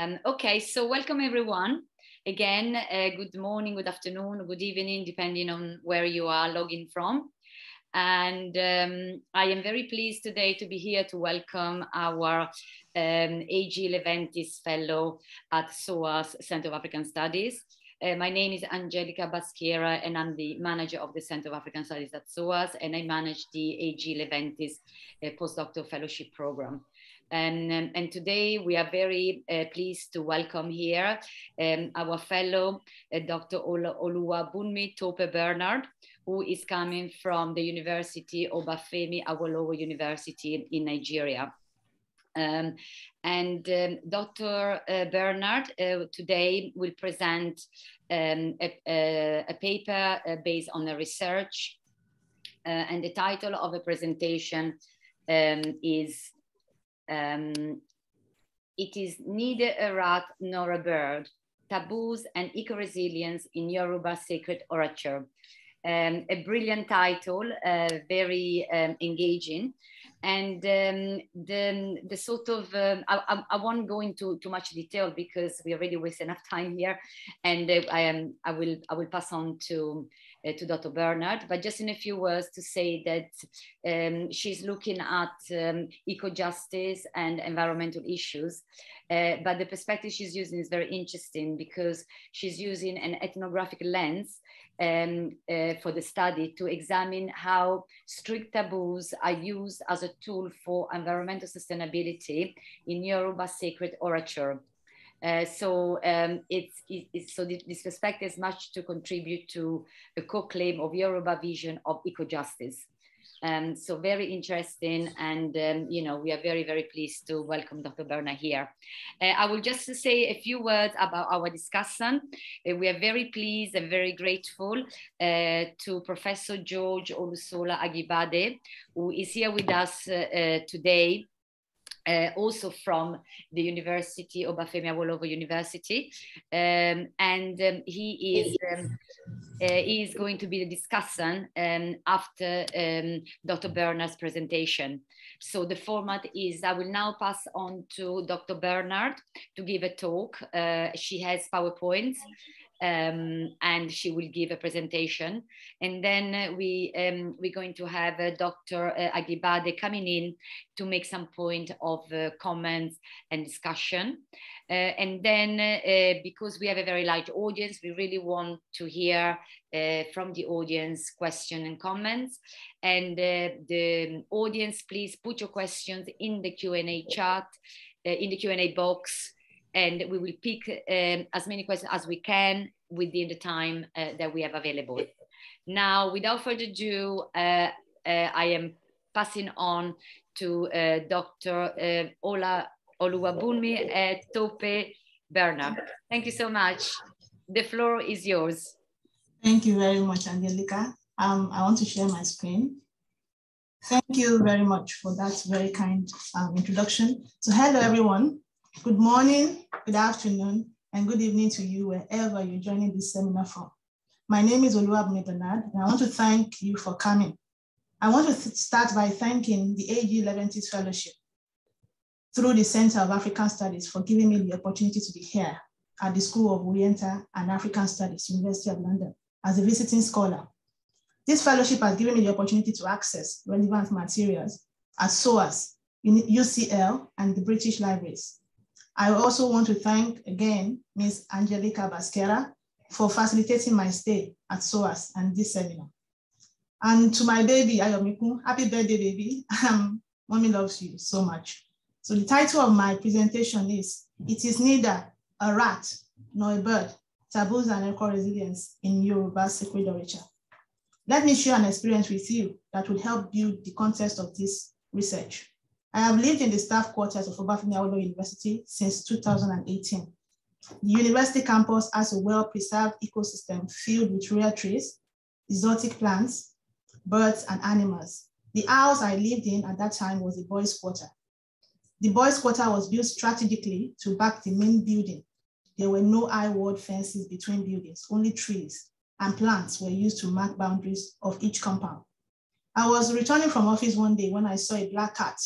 Um, okay, so welcome everyone. Again, uh, good morning, good afternoon, good evening, depending on where you are logging from. And um, I am very pleased today to be here to welcome our um, AG Leventis Fellow at SOAS Center of African Studies. Uh, my name is Angelica Basquiera, and I'm the manager of the Center of African Studies at SOAS, and I manage the AG Leventis uh, postdoctoral fellowship program. Um, and today we are very uh, pleased to welcome here um, our fellow uh, Dr. Ol- Oluwabunmi Tope Bernard, who is coming from the University of Bafemi Awolowo University in Nigeria. Um, and um, Dr. Uh, Bernard uh, today will present um, a, a, a, paper uh, based on a research, uh, and the title of the presentation um, is um, it is neither a rat nor a bird, taboos and eco-resilience in Yoruba sacred orature. Um, a brilliant title, uh, very um, engaging. And um, the, the sort of, um, I, I, I, won't go into too much detail because we already waste enough time here. And uh, I, I, will, I will pass on to uh, to Dr. Bernard, but just in a few words to say that um, she's looking at um, eco-justice and environmental issues. Uh, but the perspective she's using is very interesting because she's using an ethnographic lens um, uh, for the study to examine how strict taboos are used as a tool for environmental sustainability in Yoruba sacred orature. Uh, so um, it's, it's, so this respect has much to contribute to a co-claim of Yoruba vision of eco-justice. Um, so very interesting, and um, you know we are very very pleased to welcome Dr. Berna here. Uh, I will just say a few words about our discussion. Uh, we are very pleased and very grateful uh, to Professor George Olusola Agibade, who is here with us uh, uh, today uh, also from the university, of Bafemia Awolowo University. Um, and um, he is, um, uh, he is going to be the discussant um, after um, Dr. Bernard's presentation. So the format is, I will now pass on to Dr. Bernard to give a talk. Uh, she has PowerPoints um, and she will give a presentation. And then uh, we um, we're going to have uh, Dr. Agibade coming in to make some point of uh, comments and discussion. Uh, and then uh, uh, because we have a very large audience, we really want to hear from the audience question and comments. And the audience, please put your questions in the Q&A chat, in the Q&A box and we will pick um, as many questions as we can within the time uh, that we have available. Now, without further ado, uh, uh I am passing on to uh, Dr. Uh, Ola Oluwabunmi at Tope Berna. Thank you so much. The floor is yours. Thank you very much, Angelica. Um, I want to share my screen. Thank you very much for that very kind um, introduction. So hello, everyone. Good morning, good afternoon, and good evening to you wherever you're joining this seminar from. My name is Oluwabune Bernard, and I want to thank you for coming. I want to start by thanking the AG 11th Fellowship through the Center of African Studies for giving me the opportunity to be here at the School of Oriental and African Studies, University of London, as a visiting scholar. This fellowship has given me the opportunity to access relevant materials at SOAS, UCL, and the British Libraries I also want to thank again Ms. Angelica Basquera for facilitating my stay at SOAS and this seminar. And to my baby, Ayomiku, happy birthday, baby. Um, mommy loves you so much. So the title of my presentation is, It is neither a rat nor a bird, taboos and eco-resilience in Yoruba sacred literature. Let me share an experience with you that will help build the context of this research. I have lived in the staff quarters of Obafemi Awolowo University since 2018. The university campus has a well-preserved ecosystem filled with rare trees, exotic plants, birds, and animals. The house I lived in at that time was a boys' quarter. The boys' quarter was built strategically to back the main building. There were no high wall fences between buildings, only trees and plants were used to mark boundaries of each compound. I was returning from office one day when I saw a black cat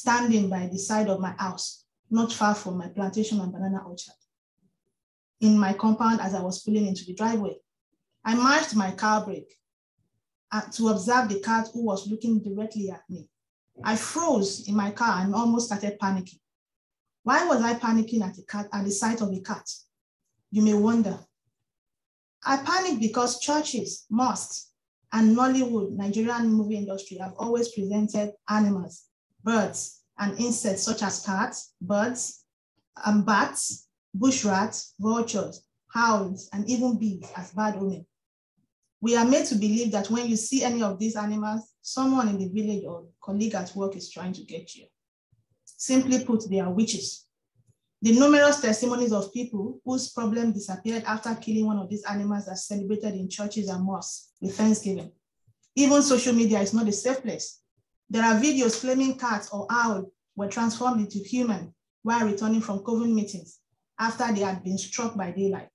standing by the side of my house, not far from my plantation and banana orchard. In my compound as I was pulling into the driveway, I marked my car brake uh, to observe the cat who was looking directly at me. I froze in my car and almost started panicking. Why was I panicking at the cat at the sight of a cat? You may wonder. I panicked because churches, mosques, and Nollywood, Nigerian movie industry have always presented animals birds, and insects such as cats, birds, and um, bats, bush rats, vultures, hounds, and even bees as bad omen. We are made to believe that when you see any of these animals, someone in the village or colleague at work is trying to get you. Simply put, they are witches. The numerous testimonies of people whose problem disappeared after killing one of these animals are celebrated in churches and mosques with thanksgiving. Even social media is not a safe place there are videos claiming cats or owls were transformed into human while returning from COVID meetings after they had been struck by daylight.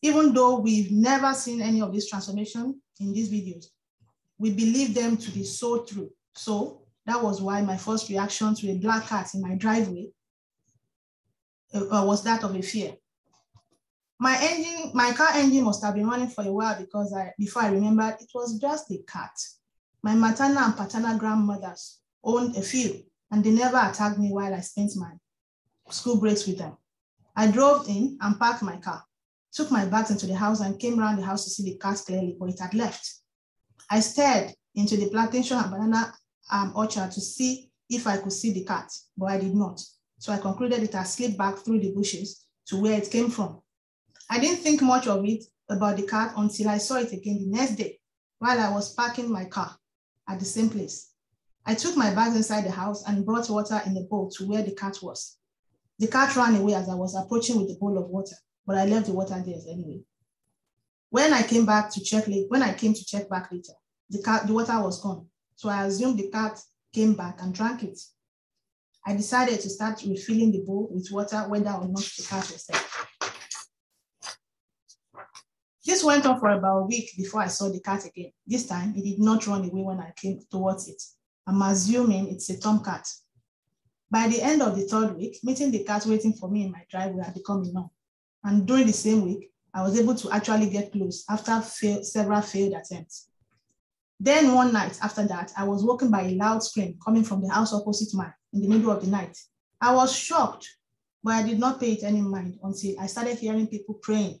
Even though we've never seen any of this transformation in these videos, we believe them to be so true. So that was why my first reaction to a black cat in my driveway uh, uh, was that of a fear. My engine, my car engine must have been running for a while because I, before I remembered it was just a cat. My maternal and paternal grandmothers owned a few, and they never attacked me while I spent my school breaks with them. I drove in and parked my car, took my bags into the house, and came around the house to see the cat clearly, but it had left. I stared into the plantation and banana um, orchard to see if I could see the cat, but I did not. So I concluded it had slipped back through the bushes to where it came from. I didn't think much of it about the cat until I saw it again the next day while I was parking my car at the same place. I took my bags inside the house and brought water in a bowl to where the cat was. The cat ran away as I was approaching with the bowl of water, but I left the water there anyway. When I came back to check late, when I came to check back later, the cat, the water was gone. So I assumed the cat came back and drank it. I decided to start refilling the bowl with water, whether or not the cat was there. This went on for about a week before I saw the cat again. This time, it did not run away when I came towards it. I'm assuming it's a tomcat. By the end of the third week, meeting the cat waiting for me in my driveway had become a norm. And during the same week, I was able to actually get close after fail, several failed attempts. Then one night after that, I was woken by a loud scream coming from the house opposite mine in the middle of the night. I was shocked, but I did not pay it any mind until I started hearing people praying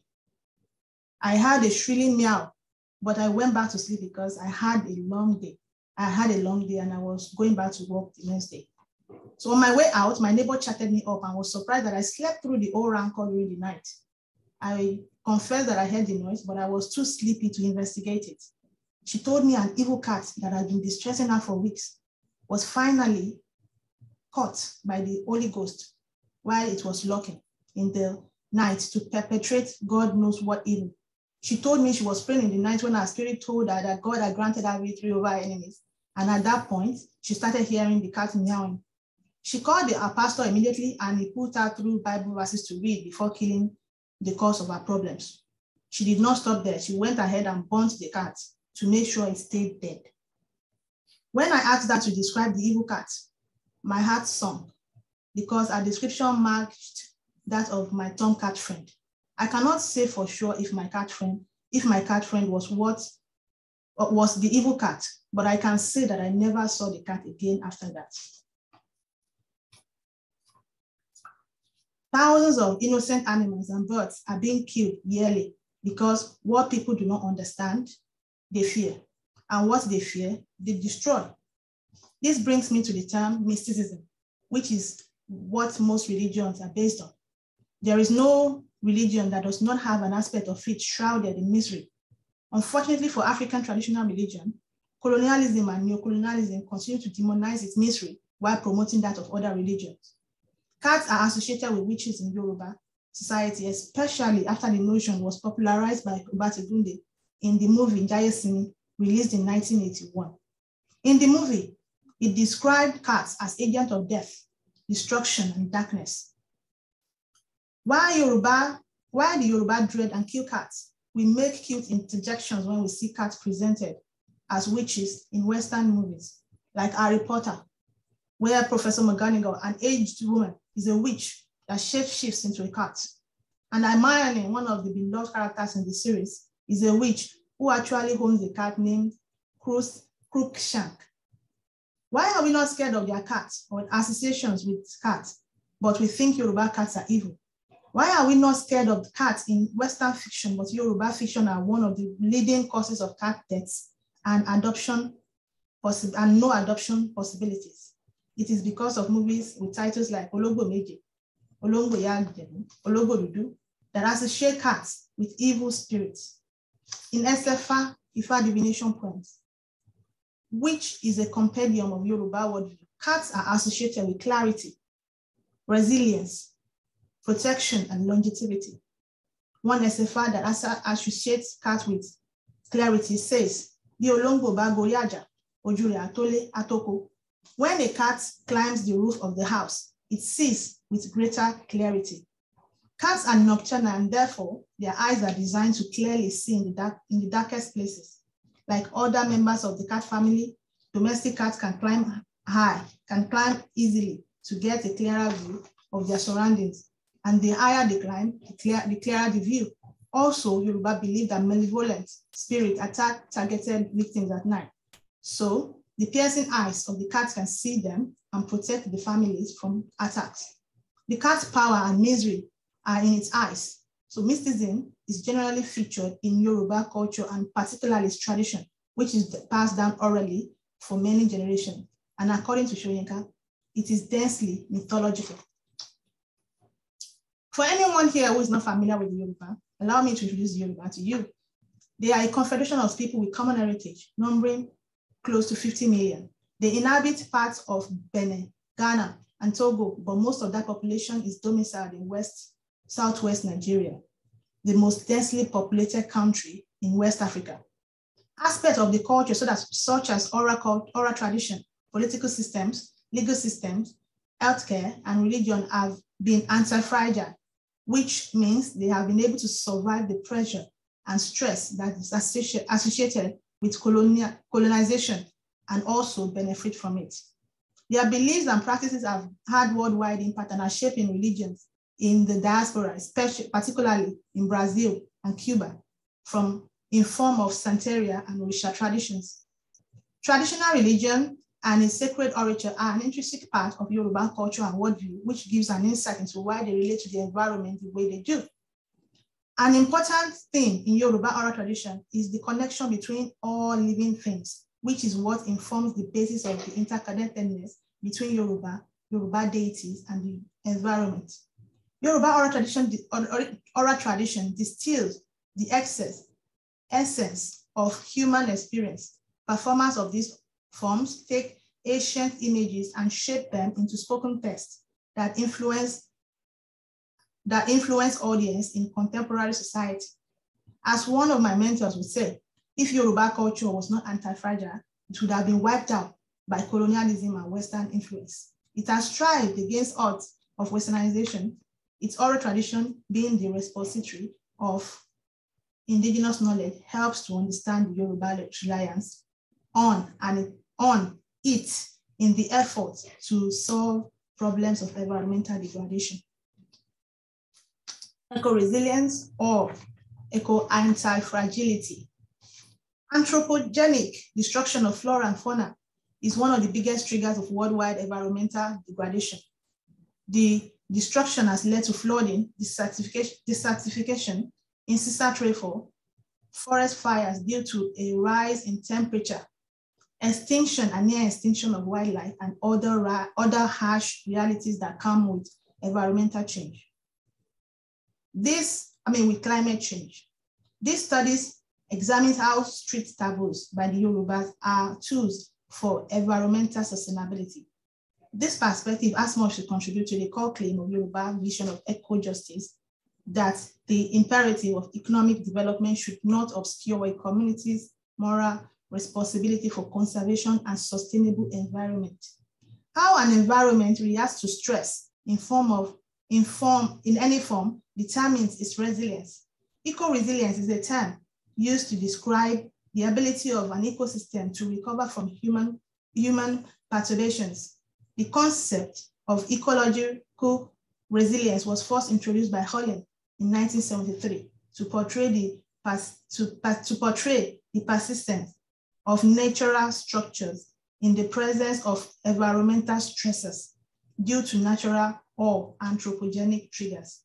I had a shrilling meow, but I went back to sleep because I had a long day. I had a long day and I was going back to work the next day. So on my way out, my neighbor chatted me up and was surprised that I slept through the whole rancor during the night. I confessed that I heard the noise, but I was too sleepy to investigate it. She told me an evil cat that had been distressing her for weeks was finally caught by the Holy Ghost while it was lurking in the night to perpetrate God knows what evil. She told me she was praying in the night when her spirit told her that God had granted her victory over her enemies. And at that point, she started hearing the cat meowing. She called the, her pastor immediately and he put her through Bible verses to read before killing the cause of her problems. She did not stop there. She went ahead and burnt the cat to make sure it stayed dead. When I asked her to describe the evil cat, my heart sunk because her description matched that of my tomcat friend. I cannot say for sure if my cat friend, if my cat friend was what uh, was the evil cat, but I can say that I never saw the cat again after that. Thousands of innocent animals and birds are being killed yearly because what people do not understand, they fear. And what they fear, they destroy. This brings me to the term mysticism, which is what most religions are based on. There is no religion that does not have an aspect of it shrouded in misery. Unfortunately for African traditional religion, colonialism and neocolonialism continue to demonize its misery while promoting that of other religions. Cats are associated with witches in Yoruba society, especially after the notion was popularized by Obategunde in the movie Simi released in 1981. In the movie, it described cats as agents of death, destruction, and darkness, why Yoruba, why do Yoruba dread and kill cats? We make cute interjections when we see cats presented as witches in Western movies, like Harry Potter, where Professor McGonagall, an aged woman, is a witch that shapeshifts into a cat. And Hermione, one of the beloved characters in the series, is a witch who actually owns a cat named Crookshank. Why are we not scared of their cats or associations with cats, but we think Yoruba cats are evil? Why are we not scared of cats in Western fiction, but Yoruba fiction are one of the leading causes of cat deaths and adoption and no adoption possibilities? It is because of movies with titles like Ologbo Meji, Ologbo Yagjemu, Ologbo Dudu that associate cats with evil spirits. In SFA, Ifa divination poems, which is a compendium of Yoruba worldview, cats are associated with clarity, resilience, protection, and longevity. One SFR that associates cat with clarity says, When a cat climbs the roof of the house, it sees with greater clarity. Cats are nocturnal and therefore their eyes are designed to clearly see in the, dark, in the darkest places. Like other members of the cat family, domestic cats can climb high, can climb easily to get a clearer view of their surroundings and the higher the climb, the, clear, the clearer the view. Also, Yoruba believe that malevolent spirit attack targeted victims at night. So the piercing eyes of the cat can see them and protect the families from attacks. The cat's power and misery are in its eyes. So mysticism is generally featured in Yoruba culture and particularly its tradition, which is passed down orally for many generations. And according to Shoyinka, it is densely mythological. For anyone here who is not familiar with Yoruba, allow me to introduce Yoruba to you. They are a confederation of people with common heritage, numbering close to 50 million. They inhabit parts of Benin, Ghana, and Togo, but most of that population is domiciled in West, Southwest Nigeria, the most densely populated country in West Africa. Aspects of the culture, so that, such as oral, oral tradition, political systems, legal systems, healthcare, and religion have been anti-fragile which means they have been able to survive the pressure and stress that is associated with colonial, colonization and also benefit from it. Their beliefs and practices have had worldwide impact and are shaping religions in the diaspora, especially particularly in Brazil and Cuba, from in form of Santeria and Orisha traditions. Traditional religion and a sacred orature are an intrinsic part of Yoruba culture and worldview, which gives an insight into why they relate to the environment the way they do. An important thing in Yoruba oral tradition is the connection between all living things, which is what informs the basis of the interconnectedness between Yoruba, Yoruba deities, and the environment. Yoruba oral tradition, oral tradition distills the excess, essence of human experience. Performance of this forms take ancient images and shape them into spoken text that influence that influence audience in contemporary society. As one of my mentors would say, if Yoruba culture was not anti-fragile, it would have been wiped out by colonialism and Western influence. It has strived against odds of Westernization, its oral tradition being the repository of indigenous knowledge helps to understand the Yoruba reliance on and on it in the effort to solve problems of environmental degradation. Eco-resilience or eco-anti-fragility. Anthropogenic destruction of flora and fauna is one of the biggest triggers of worldwide environmental degradation. The destruction has led to flooding, desertification, desertification incessant rainfall, forest fires due to a rise in temperature extinction and near extinction of wildlife and other, other harsh realities that come with environmental change. This, I mean, with climate change. These studies examine how street taboos by the Yorubas are tools for environmental sustainability. This perspective as much to contribute to the core claim of Yoruba vision of eco-justice that the imperative of economic development should not obscure a community's moral responsibility for conservation and sustainable environment. How an environment reacts to stress in form of in form in any form determines its resilience. Eco-resilience is a term used to describe the ability of an ecosystem to recover from human, human perturbations. The concept of ecological resilience was first introduced by Holland in 1973 to portray the, to, to portray the persistence of natural structures in the presence of environmental stresses due to natural or anthropogenic triggers.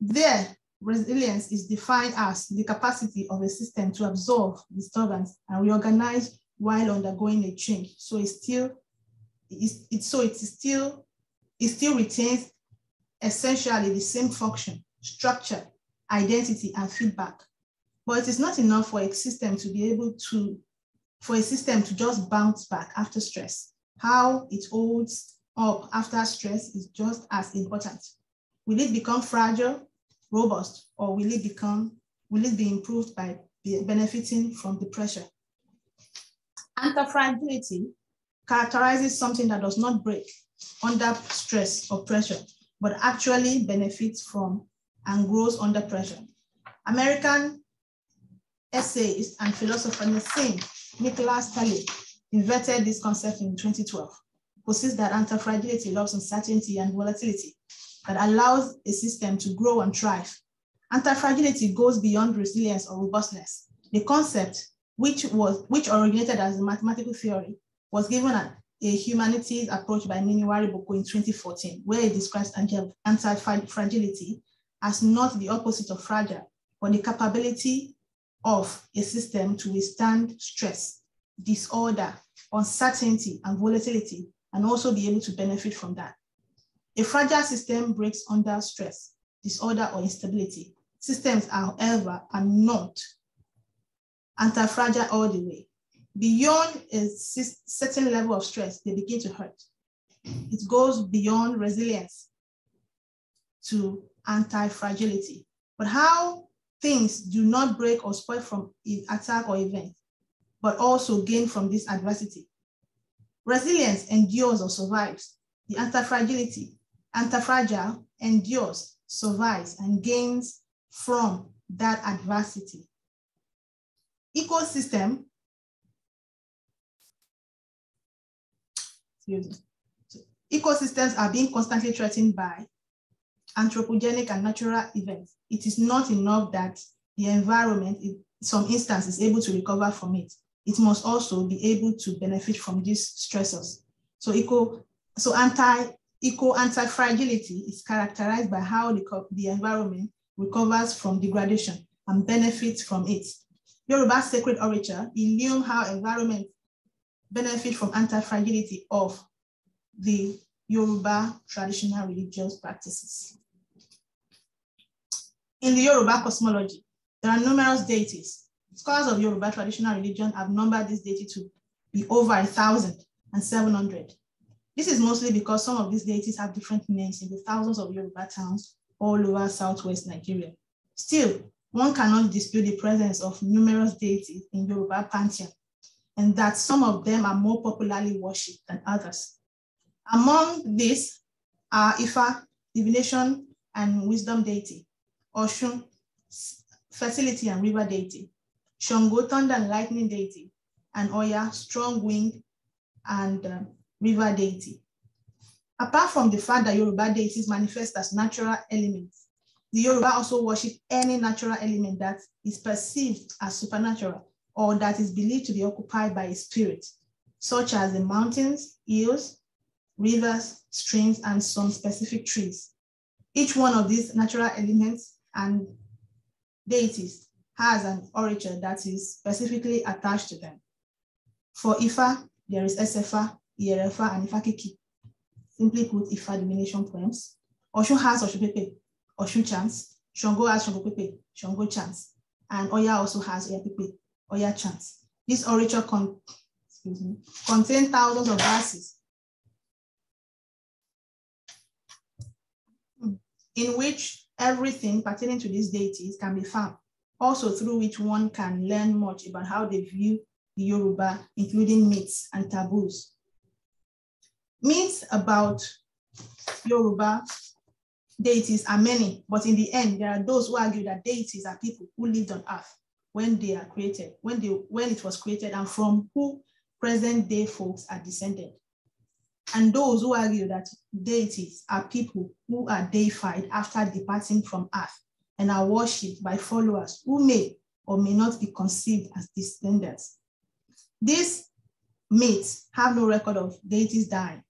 There, resilience is defined as the capacity of a system to absorb disturbance and reorganize while undergoing a change. So it still, it's, it, so it still, it still retains essentially the same function, structure, identity, and feedback but it is not enough for a system to be able to, for a system to just bounce back after stress. How it holds up after stress is just as important. Will it become fragile, robust, or will it become, will it be improved by benefiting from the pressure? Antifragility characterizes something that does not break under stress or pressure, but actually benefits from and grows under pressure. American essayist and philosopher Nassim Nicholas Taleb invented this concept in 2012. Posits that anti-fragility loves uncertainty and volatility that allows a system to grow and thrive. Anti-fragility goes beyond resilience or robustness. The concept, which, was, which originated as a mathematical theory, was given a, a humanities approach by Niniwari Boko in 2014, where he describes anti-fragility as not the opposite of fragile, but the capability of a system to withstand stress, disorder, uncertainty, and volatility, and also be able to benefit from that. A fragile system breaks under stress, disorder, or instability. Systems, however, are not anti-fragile all the way. Beyond a certain level of stress, they begin to hurt. It goes beyond resilience to anti-fragility. But how things do not break or spoil from attack or event, but also gain from this adversity. Resilience endures or survives. The anti-fragility, anti-fragile endures, survives, and gains from that adversity. Ecosystem, ecosystems are being constantly threatened by anthropogenic and natural events, it is not enough that the environment, in some instance, is able to recover from it. It must also be able to benefit from these stressors. So eco, so anti eco anti-fragility is characterized by how the, the environment recovers from degradation and benefits from it. Yoruba sacred orature, he how environment benefit from anti-fragility of the Yoruba traditional religious practices. In the Yoruba cosmology, there are numerous deities. Scholars of Yoruba traditional religion have numbered this deity to be over a thousand and seven hundred. This is mostly because some of these deities have different names in the thousands of Yoruba towns all over Southwest Nigeria. Still, one cannot dispute the presence of numerous deities in Yoruba pantheon and that some of them are more popularly worshipped than others. Among these are Ifa, divination and wisdom deity, Oshun, fertility and river deity. Shango, thunder and lightning deity. And Oya, strong wind and um, river deity. Apart from the fact that Yoruba deities manifest as natural elements, the Yoruba also worship any natural element that is perceived as supernatural or that is believed to be occupied by a spirit, such as the mountains, hills, rivers, streams, and some specific trees. Each one of these natural elements and deities has an origin that is specifically attached to them. For Ifa, there is Esefa, Yerefa, and Ifakiki. Simply put, Ifa diminishing poems. Oshun has Oshupepe, Oshun chants. Shango has Shangopepe, Shango chants. And Oya also has Oyapepe, Oya chants. This orature con me, thousands of verses in which Everything pertaining to these deities can be found, also through which one can learn much about how they view the Yoruba, including myths and taboos. Myths about Yoruba deities are many, but in the end, there are those who argue that deities are people who lived on earth when they are created, when, they, when it was created, and from who present day folks are descended and those who argue that deities are people who are deified after departing from earth and are worshipped by followers who may or may not be conceived as descendants. These myths have no record of deities dying.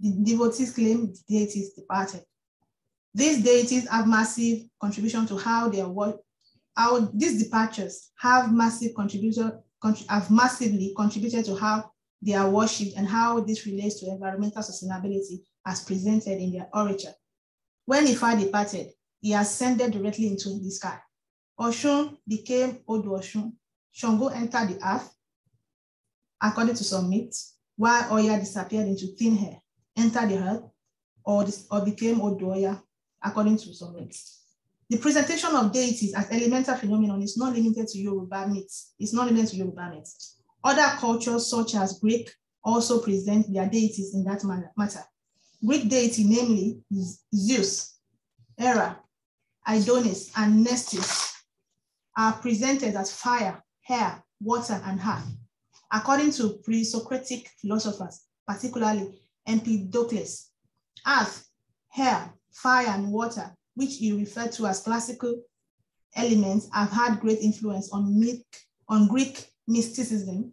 The devotees claim the deities departed. These deities have massive contribution to how their work, how these departures have massive contribution, have massively contributed to how they are worshipped and how this relates to environmental sustainability as presented in their orature. When Ifa departed, he ascended directly into the sky. Oshun became Odu Oshun. Shango entered the earth, according to some myths, while Oya disappeared into thin air, entered the earth, or, or became Odu Oya, according to some myths. The presentation of deities as elemental phenomenon is not limited to Yoruba myths. It's not limited to Yoruba myths. Other cultures such as Greek also present their deities in that matter. Greek deity, namely Zeus, Hera, Idonis, and Nestis, are presented as fire, air, water, and earth. According to pre-Socratic philosophers, particularly Empedocles, earth, air, fire, and water, which he referred to as classical elements, have had great influence on, on Greek mysticism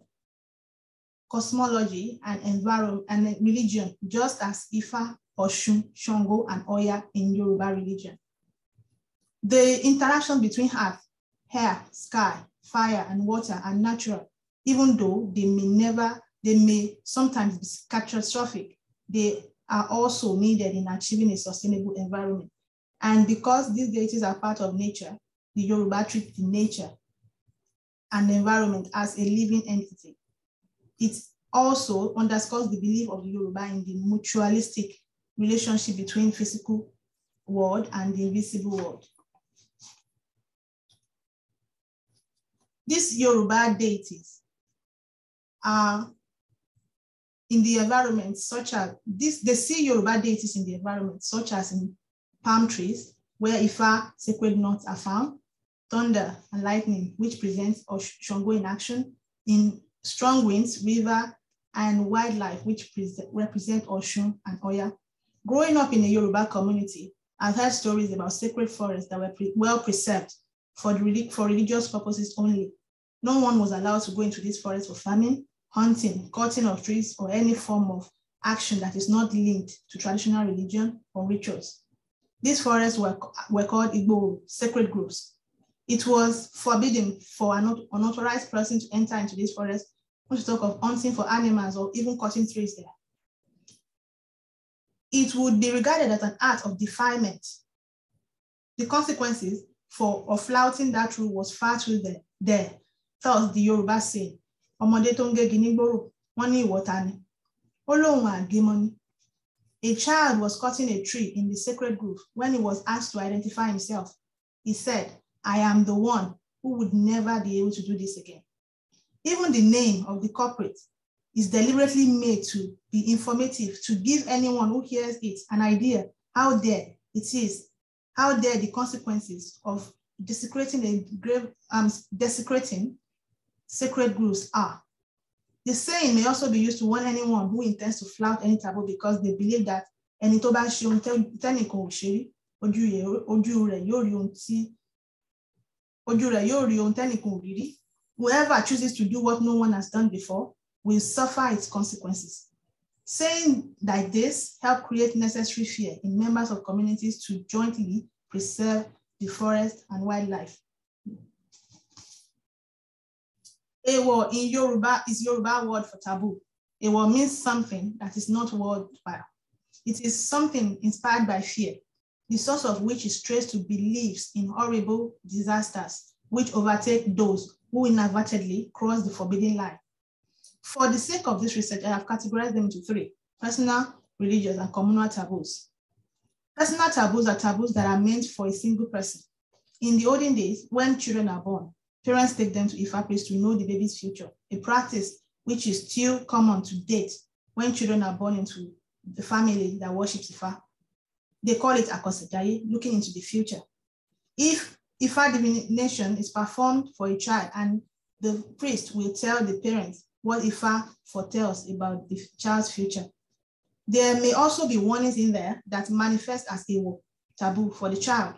cosmology, and environment and religion, just as Ifa, Oshun, Shango, and Oya in Yoruba religion. The interaction between earth, air, sky, fire, and water are natural, even though they may never, they may sometimes be catastrophic. They are also needed in achieving a sustainable environment. And because these deities are part of nature, the Yoruba treat the nature and environment as a living entity it also underscores the belief of the Yoruba in the mutualistic relationship between physical world and the invisible world. These Yoruba deities are in the environment, such as this, they see Yoruba deities in the environment, such as in palm trees, where Ifa sacred knots are found, thunder and lightning, which presents Shango in action in strong winds, river, and wildlife, which represent ocean and Oya. Growing up in a Yoruba community, I've heard stories about sacred forests that were pre well preserved for, the, for religious purposes only. No one was allowed to go into these forests for farming, hunting, cutting of trees, or any form of action that is not linked to traditional religion or rituals. These forests were, were called Igbo sacred groves. It was forbidden for an unauthorized person to enter into these forests not to talk of hunting for animals or even cutting trees there. It would be regarded as an act of defilement. The consequences for of flouting that rule was far too there. there. Thus, the Yoruba say, Ọmọdé tonge ń gégi money watani, ní ìwọ́ta ni. A child was cutting a tree in the sacred grove when he was asked to identify himself. He said, I am the one who would never be able to do this again. Even the name of the corporate is deliberately made to be informative, to give anyone who hears it an idea how there it is, how there the consequences of desecrating a grave, um, desecrating sacred groves are. The saying may also be used to warn anyone who intends to flout any taboo because they believe that ẹni tó bá ń ṣe ohun tẹ́nìkan ò ṣe rí ojú rẹ̀ yóò rí ohun on ò Whoever chooses to do what no one has done before will suffer its consequences. Saying like this help create necessary fear in members of communities to jointly preserve the forest and wildlife. Ewo in Yoruba is Yoruba word for taboo. Ewo means something that is not worthwhile. It is something inspired by fear, the source of which is traced to beliefs in horrible disasters which overtake those who inadvertently cross the forbidden line. For the sake of this research, I have categorized them into three, personal, religious, and communal taboos. Personal taboos are taboos that are meant for a single person. In the olden days, when children are born, parents take them to Ifa place to know the baby's future, a practice which is still common to date when children are born into the family that worships Ifa. They call it Akosejaye, looking into the future. If Ifa divination is performed for a child and the priest will tell the parents what Ifa foretells about the child's future. There may also be warnings in there that manifest as Iwo, taboo for the child.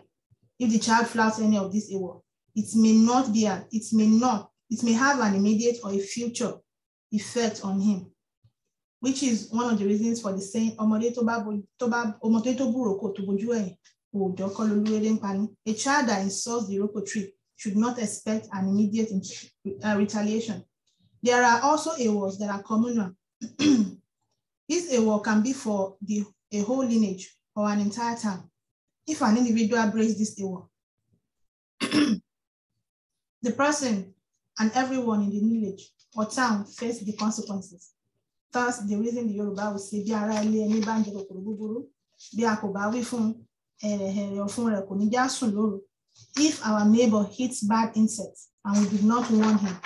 If the child flouts any of these Iwo, it may not be an, it may not, it may have an immediate or a future effect on him, which is one of the reasons for the saying, to a child that insults the local tree should not expect an immediate uh, retaliation. There are also awards that are communal. this award can be for the, a whole lineage or an entire town. If an individual breaks this award, the person and everyone in the village or town face the consequences. Thus, the reason the Yoruba will say, bí ara búburú, if our neighbor hits bad insects and we did not warn him,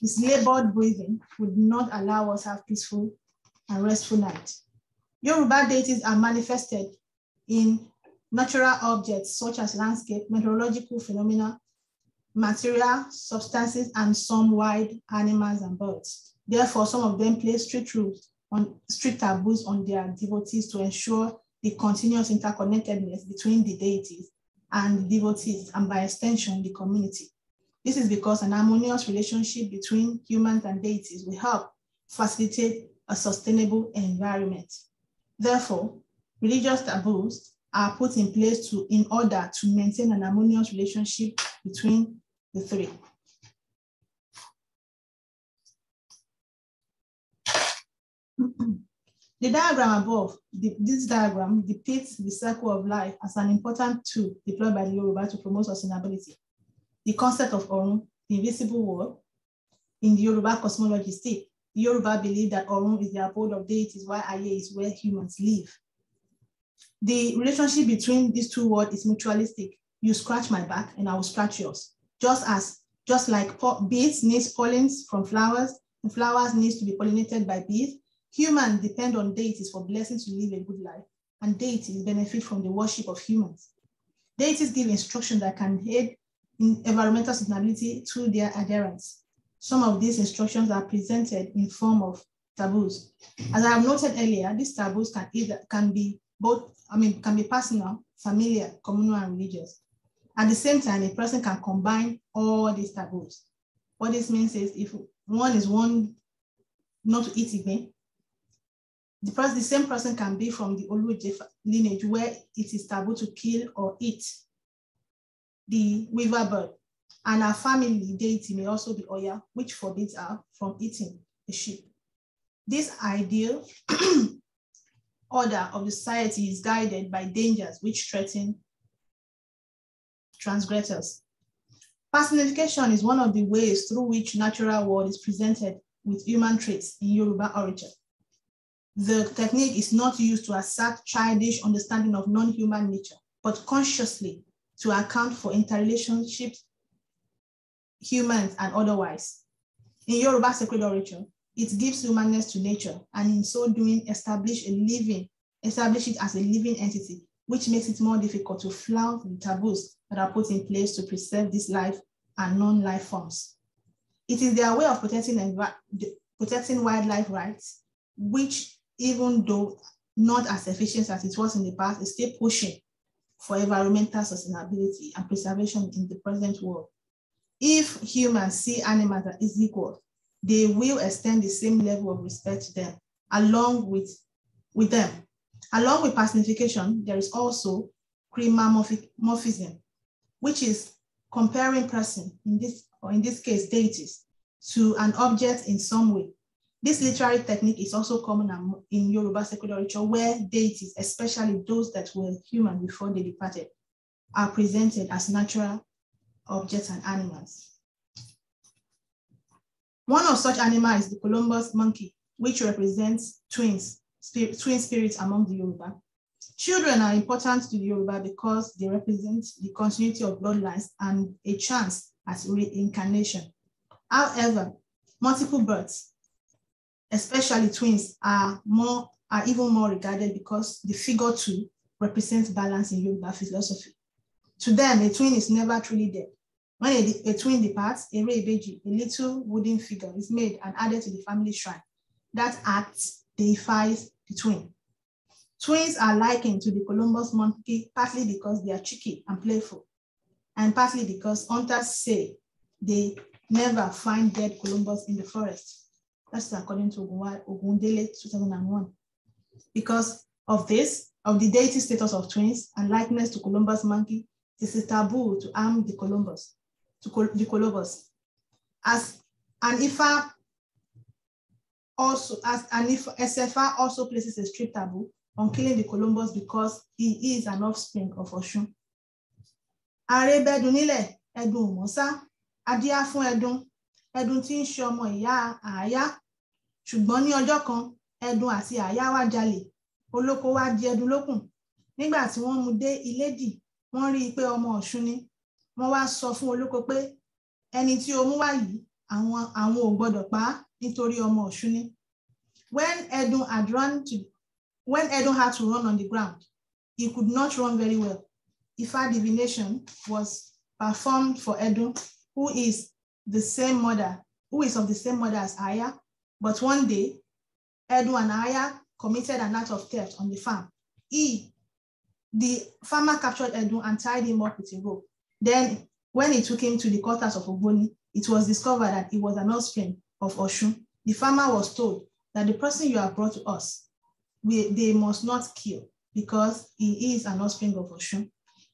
his labored breathing would not allow us have peaceful and restful night. Yoruba deities are manifested in natural objects such as landscape, meteorological phenomena, material substances, and some wild animals and birds. Therefore, some of them play strict rules on strict taboos on their devotees to ensure the continuous interconnectedness between the deities and the devotees, and by extension, the community. This is because an harmonious relationship between humans and deities will help facilitate a sustainable environment. Therefore, religious taboos are put in place to, in order to maintain an harmonious relationship between the three. The diagram above, the, this diagram depicts the circle of life as an important tool deployed by the Yoruba to promote sustainability. The concept of Orun, the invisible world, in the Yoruba cosmology state, Yoruba believe that Orun is the abode of deities, while Aye is where humans live. The relationship between these two worlds is mutualistic. You scratch my back and I will scratch yours. Just as, just like bees needs pollens from flowers, and flowers needs to be pollinated by bees, Humans depend on deities for blessings to live a good life, and deities benefit from the worship of humans. Deities give instructions that can aid in environmental sustainability through their adherence. Some of these instructions are presented in form of taboos. As I have noted earlier, these taboos can either can be both, I mean, can be personal, familiar, communal, and religious. At the same time, a person can combine all these taboos. What this means is if one is one not to eat again, the, the same person can be from the Oluoje lineage where it is taboo to kill or eat the weaver bird. And our family deity may also be Oya, which forbids her from eating a sheep. This ideal order of the society is guided by dangers which threaten transgressors. Personification is one of the ways through which natural world is presented with human traits in Yoruba origin. The technique is not used to assert childish understanding of non-human nature, but consciously to account for interrelationships, humans and otherwise. In Yoruba sacred literature, it gives humanness to nature and in so doing establish a living, establish it as a living entity, which makes it more difficult to flout the taboos that are put in place to preserve this life and non-life forms. It is their way of protecting, protecting wildlife rights, which even though not as efficient as it was in the past, is still pushing for environmental sustainability and preservation in the present world. If humans see animals as equal, they will extend the same level of respect to them, along with, with them. Along with personification, there is also chromamorphism, which is comparing person, in this, or in this case, deities, to an object in some way this literary technique is also common in Yoruba secular literature where deities, especially those that were human before they departed, are presented as natural objects and animals. One of such animals is the Columbus monkey, which represents twins, spirit, twin spirits among the Yoruba. Children are important to the Yoruba because they represent the continuity of bloodlines and a chance at reincarnation. However, multiple births especially twins, are more are even more regarded because the figure two represents balance in Yoruba philosophy. To them, a twin is never truly dead. When a, a twin departs, a rebeji, a little wooden figure, is made and added to the family shrine. That act deifies the twin. Twins are likened to the Columbus monkey partly because they are cheeky and playful, and partly because hunters say they never find dead Columbus in the forest. That's according to Ogundele 2001. Because of this, of the deity status of twins and likeness to Columbus monkey, it is taboo to arm the Columbus, to col the Columbus. As an Ifa also, as an Ifa, SFR also places a strict taboo on killing the Columbus because he is an offspring of Oshun. Arebedunile, Edun Mosa, Adia Fun Edun, Edun Tin Shomo Ya, Aya, ṣùgbọ́n ní ọjọ́ kan ẹdun àti àyà wá jalè olóko wá di ẹdun lókùn nígbà tí wọ́n mú dé ilédì wọ́n rí i pé ọmọ ọ̀ṣun ni wọ́n wá sọ fún won ri i pé ẹni tí o mú wá yìí àwọn ò gbọ́dọ̀ pa á nítorí ọmọ ọ̀ṣun ni when edun had run to when edun had to run on the ground he could not run very well Ifa divination was performed for edun who is the same mother who is of the same mother as Aya but one day, and Aya committed an act of theft on the farm. He, the farmer captured Edo and tied him up with a rope. Then, when he took him to the quarters of Ogboni, it was discovered that he was an offspring of Oshun. The farmer was told that the person you have brought to us, we, they must not kill because he is an offspring of Oshun.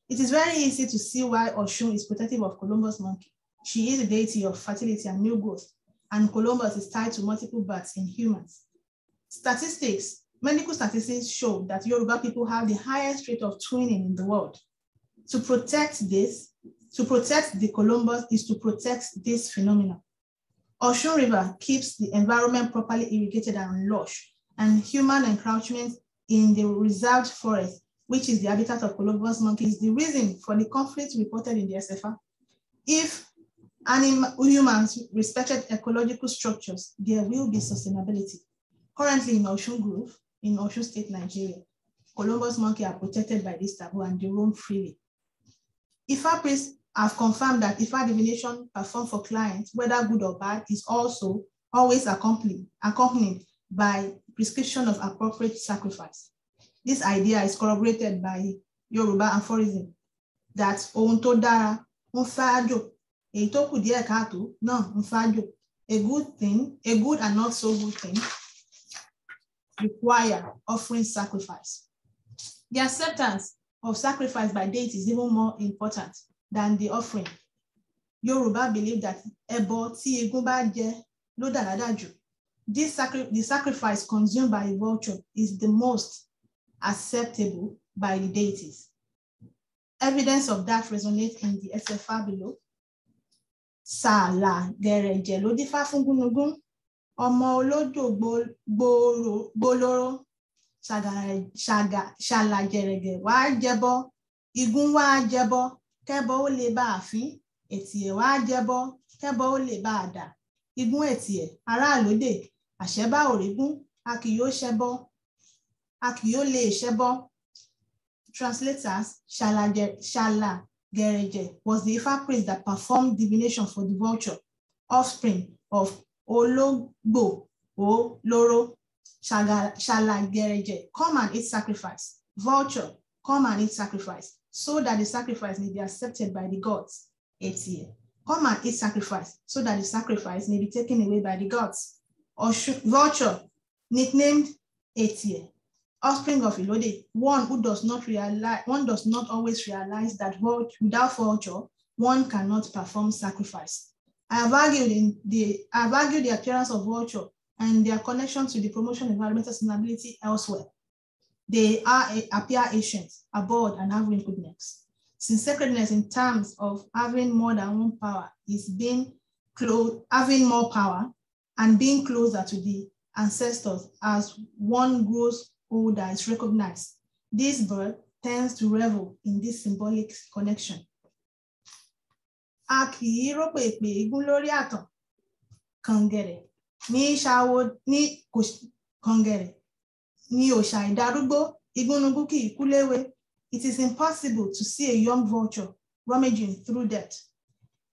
It is very easy to see why Oshun is protective of Columbus monkey. She is a deity of fertility and new growth, and Columbus is tied to multiple births in humans. Statistics, medical statistics show that Yoruba people have the highest rate of twinning in the world. To protect this, to protect the Columbus is to protect this phenomenon. Ocean River keeps the environment properly irrigated and lush, and human encroachment in the reserved forest, which is the habitat of Columbus monkeys, the reason for the conflict reported in the SFR. If and in humans, respected ecological structures, there will be sustainability. Currently in Ocean Grove, in Ocean State, Nigeria, Columbus monkey are protected by this taboo and they roam freely. IFA priests have confirmed that IFA divination performed for clients, whether good or bad, is also always accompanied, accompanied by prescription of appropriate sacrifice. This idea is corroborated by Yoruba aphorism that Ohun to èyí tó kù díẹ̀ káàtó náà ń ṣáájú a good thing a good and not so good thing require offering sacrifice the acceptance of sacrifice by date is even more important than the offering Yoruba believe that ẹbọ tí egun bá jẹ ló dàdádà jù this sacri the sacrifice consumed by a vulture is the most acceptable by the deities evidence of that resonates in the SFR below sààlà gẹ̀rẹ̀jẹ̀ ló dífá fún gúnugún ọmọ olódò gbólóró ṣàlà gẹ̀rẹ̀gẹ̀ wá jẹbọ igún wá jẹbọ kẹbọ ó lè bá àfín ètìẹ̀ wá jẹbọ kẹbọ ó lè bá àdà igún ètìẹ̀ aráàlódè àṣẹbá òrígún a kì yóò ṣẹbọ a kì yóò lè ṣẹbọ translators ṣàlà Gereje was the Ifa priest that performed divination for the vulture, offspring of Ologbo, Oloro, Shalagereje, come and eat sacrifice. Vulture, come and eat sacrifice, so that the sacrifice may be accepted by the gods. Etie, come and eat sacrifice, so that the sacrifice may be taken away by the gods. Or vulture, nicknamed Etie, offspring of Ilode, one who does not realize, one does not always realize that without vulture, one cannot perform sacrifice. I have argued in the, I have argued the appearance of vulture and their connection to the promotion of environmental sustainability elsewhere. They are appear ancient, abhorred, and have wrinkled necks. Since sacredness in terms of having more than one power is being close, having more power and being closer to the ancestors as one grows older is recognized. This bird tends to revel in this symbolic connection. igun lórí àtàn kàngẹ̀rẹ̀ ní ní kàngẹ̀rẹ̀ ní It is impossible to see a young vulture rummaging through death.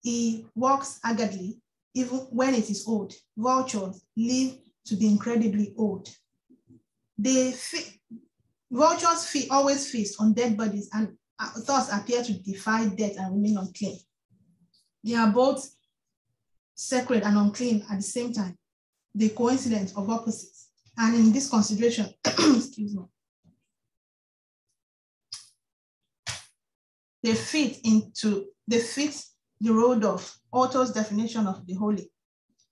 He walks haggardly even when it is old. Vultures live to be incredibly old. The fe vultures always feast on dead bodies and uh, thus appear to defy death and remain unclean. They are both sacred and unclean at the same time, the coincidence of opposites. And in this consideration, excuse me, they fit into, they fit the road of Otto's definition of the holy.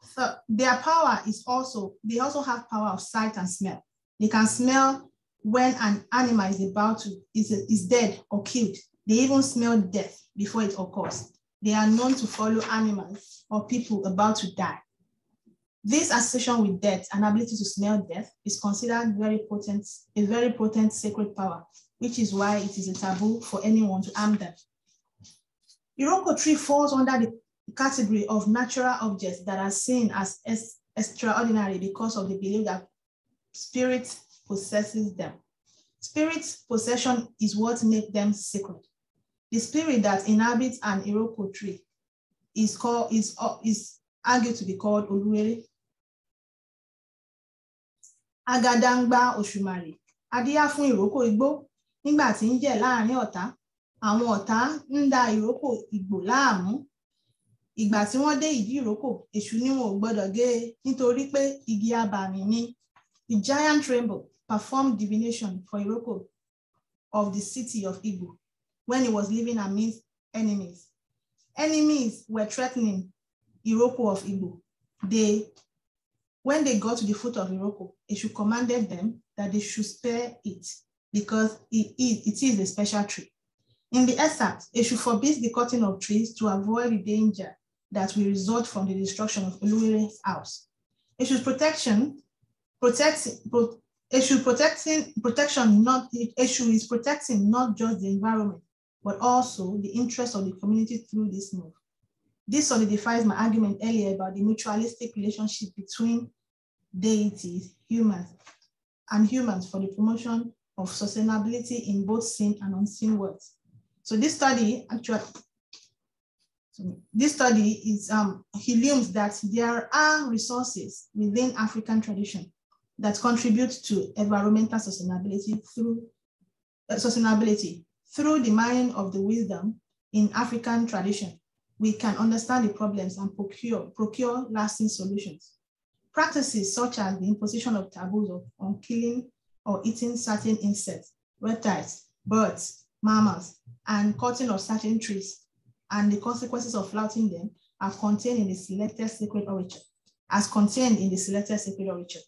So their power is also, they also have power of sight and smell. They can smell when an animal is about to, is, is dead or killed. They even smell death before it occurs. They are known to follow animals or people about to die. This association with death and ability to smell death is considered very potent, a very potent sacred power, which is why it is a taboo for anyone to harm them. Iroko tree falls under the category of natural objects that are seen as extraordinary because of the belief that spirit possesses them. Spirit possession is what makes them sacred. The spirit that inhabits an iroko tree is called is, uh, is argued to be called Oluwere. Agadangba Oshumari, Adíyá fún iroko igbó nígbà tí la jẹ́ láàrin ọ̀tá. Àwọn nda iroko da la amu. láàmú. Ìgbà tí wọ́n dé ìdí ìrókò, èṣù ni wọn ò gbọ́dọ̀ gé e igi abami ni The giant rainbow performed divination for Iroko of the city of Igbo when he was living amidst enemies. Enemies were threatening Iroko of Igbo. They, when they got to the foot of Iroko, Eshu commanded them that they should spare it because it is, it is a special tree. In the excerpt, Eshu forbids the cutting of trees to avoid the danger that will result from the destruction of Oluwere's house. Eshu's protection protecting, pro, issue protecting, protection, not the issue is protecting not just the environment, but also the interests of the community through this move. This solidifies my argument earlier about the mutualistic relationship between deities, humans, and humans for the promotion of sustainability in both seen and unseen worlds. So this study actually, this study is um, he illumes that there are resources within African tradition that contribute to environmental sustainability through uh, sustainability through the mind of the wisdom in African tradition. We can understand the problems and procure, procure lasting solutions. Practices such as the imposition of taboos of, on killing or eating certain insects, reptiles, birds, mammals, and cutting of certain trees, and the consequences of flouting them are contained in the selected sacred orature, as contained in the selected sacred orature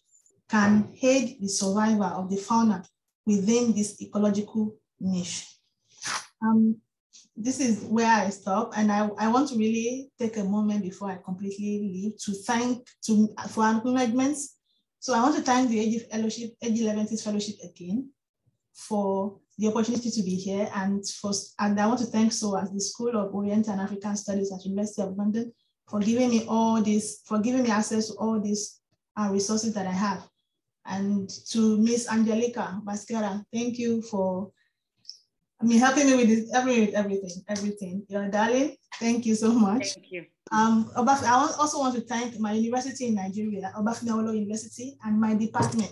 can aid the survival of the fauna within this ecological niche. Um, this is where I stop. And I, I want to really take a moment before I completely leave to thank to, for acknowledgements. So I want to thank the AG Fellowship, AG Leventis Fellowship again for the opportunity to be here. And, for, and I want to thank so as the School of Oriental and African Studies at University of London for giving me all this, for giving me access to all these uh, resources that I have. And to Miss Angelica Basquera, thank you for I mean, helping me with this, every, everything, everything. You're darling. Thank you so much. Thank you. Um, Obaf I also want to thank my university in Nigeria, Obafinaolo University, and my department,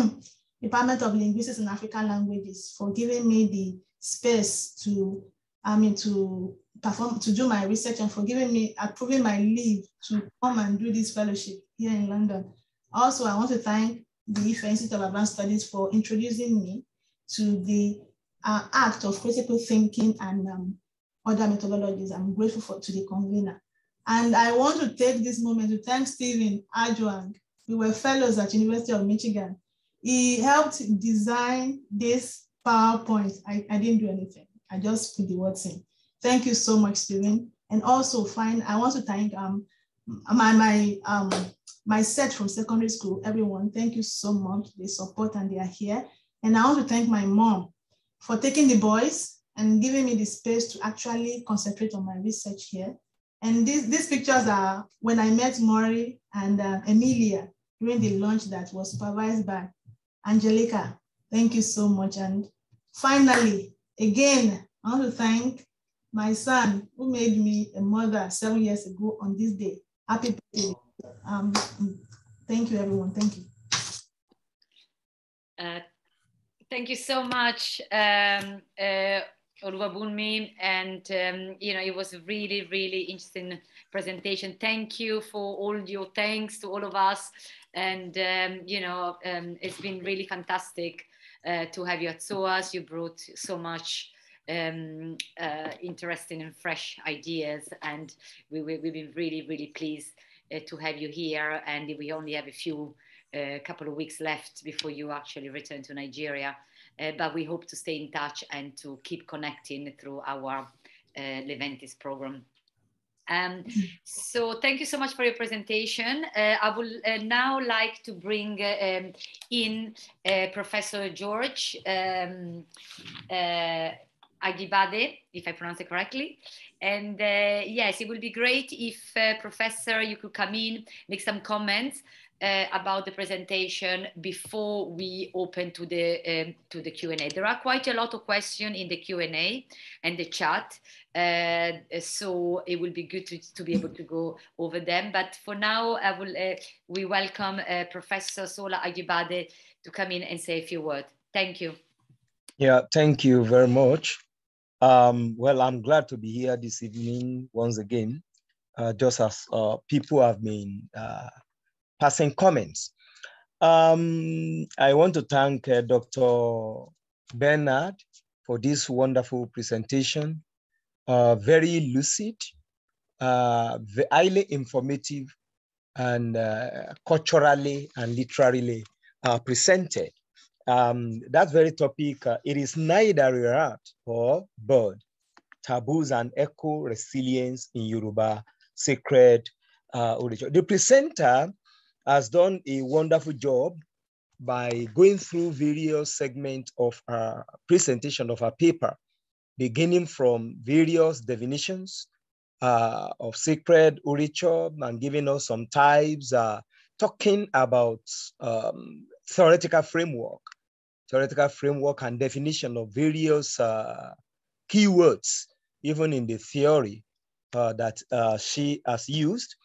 Department of Linguistics and African Languages, for giving me the space to, I mean, to perform, to do my research and for giving me, approving my leave to come and do this fellowship here in London. Also, I want to thank the Institute of Advanced Studies for introducing me to the uh, act of critical thinking and um, other methodologies. I'm grateful for, to the convener. And I want to take this moment to thank Stephen Adjuang. We were fellows at University of Michigan. He helped design this PowerPoint. I, I didn't do anything. I just put the words in. Thank you so much, Stephen. And also, fine, I want to thank um, my my um my set from secondary school. Everyone, thank you so much. for the support and they are here. And I want to thank my mom for taking the boys and giving me the space to actually concentrate on my research here. And these, these pictures are when I met Maury and uh, Emilia during the launch that was supervised by Angelica. Thank you so much. And finally, again, I want to thank my son who made me a mother seven years ago on this day. Happy birthday. Um, thank you, everyone. Thank you. Uh, thank you so much, um, uh, And, um, you know, it was a really, really interesting presentation. Thank you for all your thanks to all of us. And, um, you know, um, it's been really fantastic uh, to have you at SOAS. You brought so much um, uh, interesting and fresh ideas. And we, we, have been really, really pleased uh, to have you here. And we only have a few, uh, couple of weeks left before you actually return to Nigeria. Uh, but we hope to stay in touch and to keep connecting through our uh, Leventis program. Um, so thank you so much for your presentation. Uh, I would uh, now like to bring uh, um, in uh, Professor George um, Agibade, if I pronounce it correctly. And uh, yes, it will be great if uh, Professor, you could come in, make some comments uh, about the presentation before we open to the um, to the Q&A. There are quite a lot of questions in the Q&A and the chat, uh, so it will be good to, to be able to go over them. But for now, I will uh, we welcome uh, Professor Sola Agibade to come in and say a few words. Thank you. Yeah, thank you very much. Um, well, I'm glad to be here this evening once again, uh, just as uh, people have been uh, passing comments. Um, I want to thank uh, Dr. Bernard for this wonderful presentation. Uh, very lucid, uh, highly informative, and culturally and literally presented um, that very topic, uh, it is neither a rat or bird. Taboos and echo resilience in Yoruba sacred uh, The presenter has done a wonderful job by going through various segments of our presentation of our paper, beginning from various definitions uh, of sacred orature and giving us some types, uh, talking about um, theoretical framework theoretical framework and definition of various uh, keywords, even in the theory uh, that uh, she has used.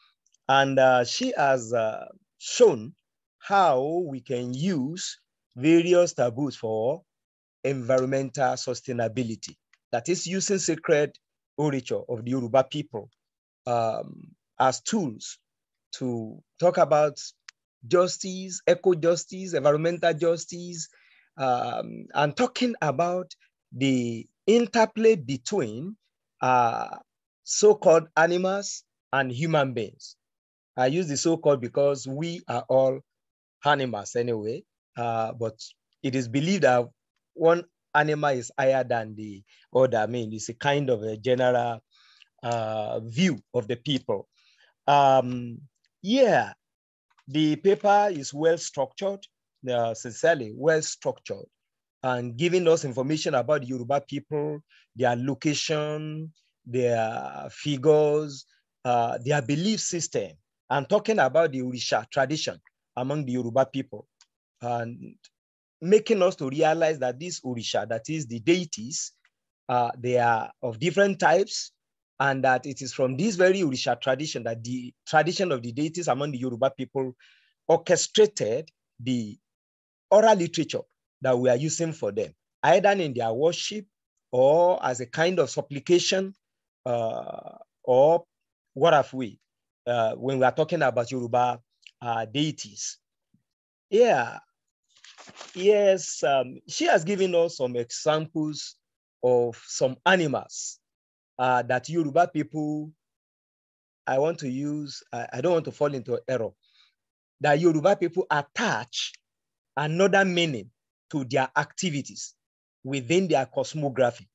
And uh, she has uh, shown how we can use various taboos for environmental sustainability. That is using sacred orature of the Yoruba people um, as tools to talk about justice, eco justice, environmental justice, um, and talking about the interplay between uh, so-called animals and human beings. I use the so-called because we are all animals anyway, uh, but it is believed that one animal is higher than the other. I mean, it's a kind of a general uh, view of the people. Um, yeah, the paper is well structured uh, sincerely well structured and giving us information about the Yoruba people, their location, their figures, uh, their belief system, and talking about the Urisha tradition among the Yoruba people, and making us to realize that this Urisha, that is the deities, uh, they are of different types, and that it is from this very Urisha tradition that the tradition of the deities among the Yoruba people orchestrated the oral literature that we are using for them, either in their worship or as a kind of supplication uh, or what have we, uh, when we are talking about Yoruba uh, deities. Yeah, yes, um, she has given us some examples of some animals uh, that Yoruba people, I want to use, I, I, don't want to fall into error, that Yoruba people attach another meaning to their activities within their cosmography.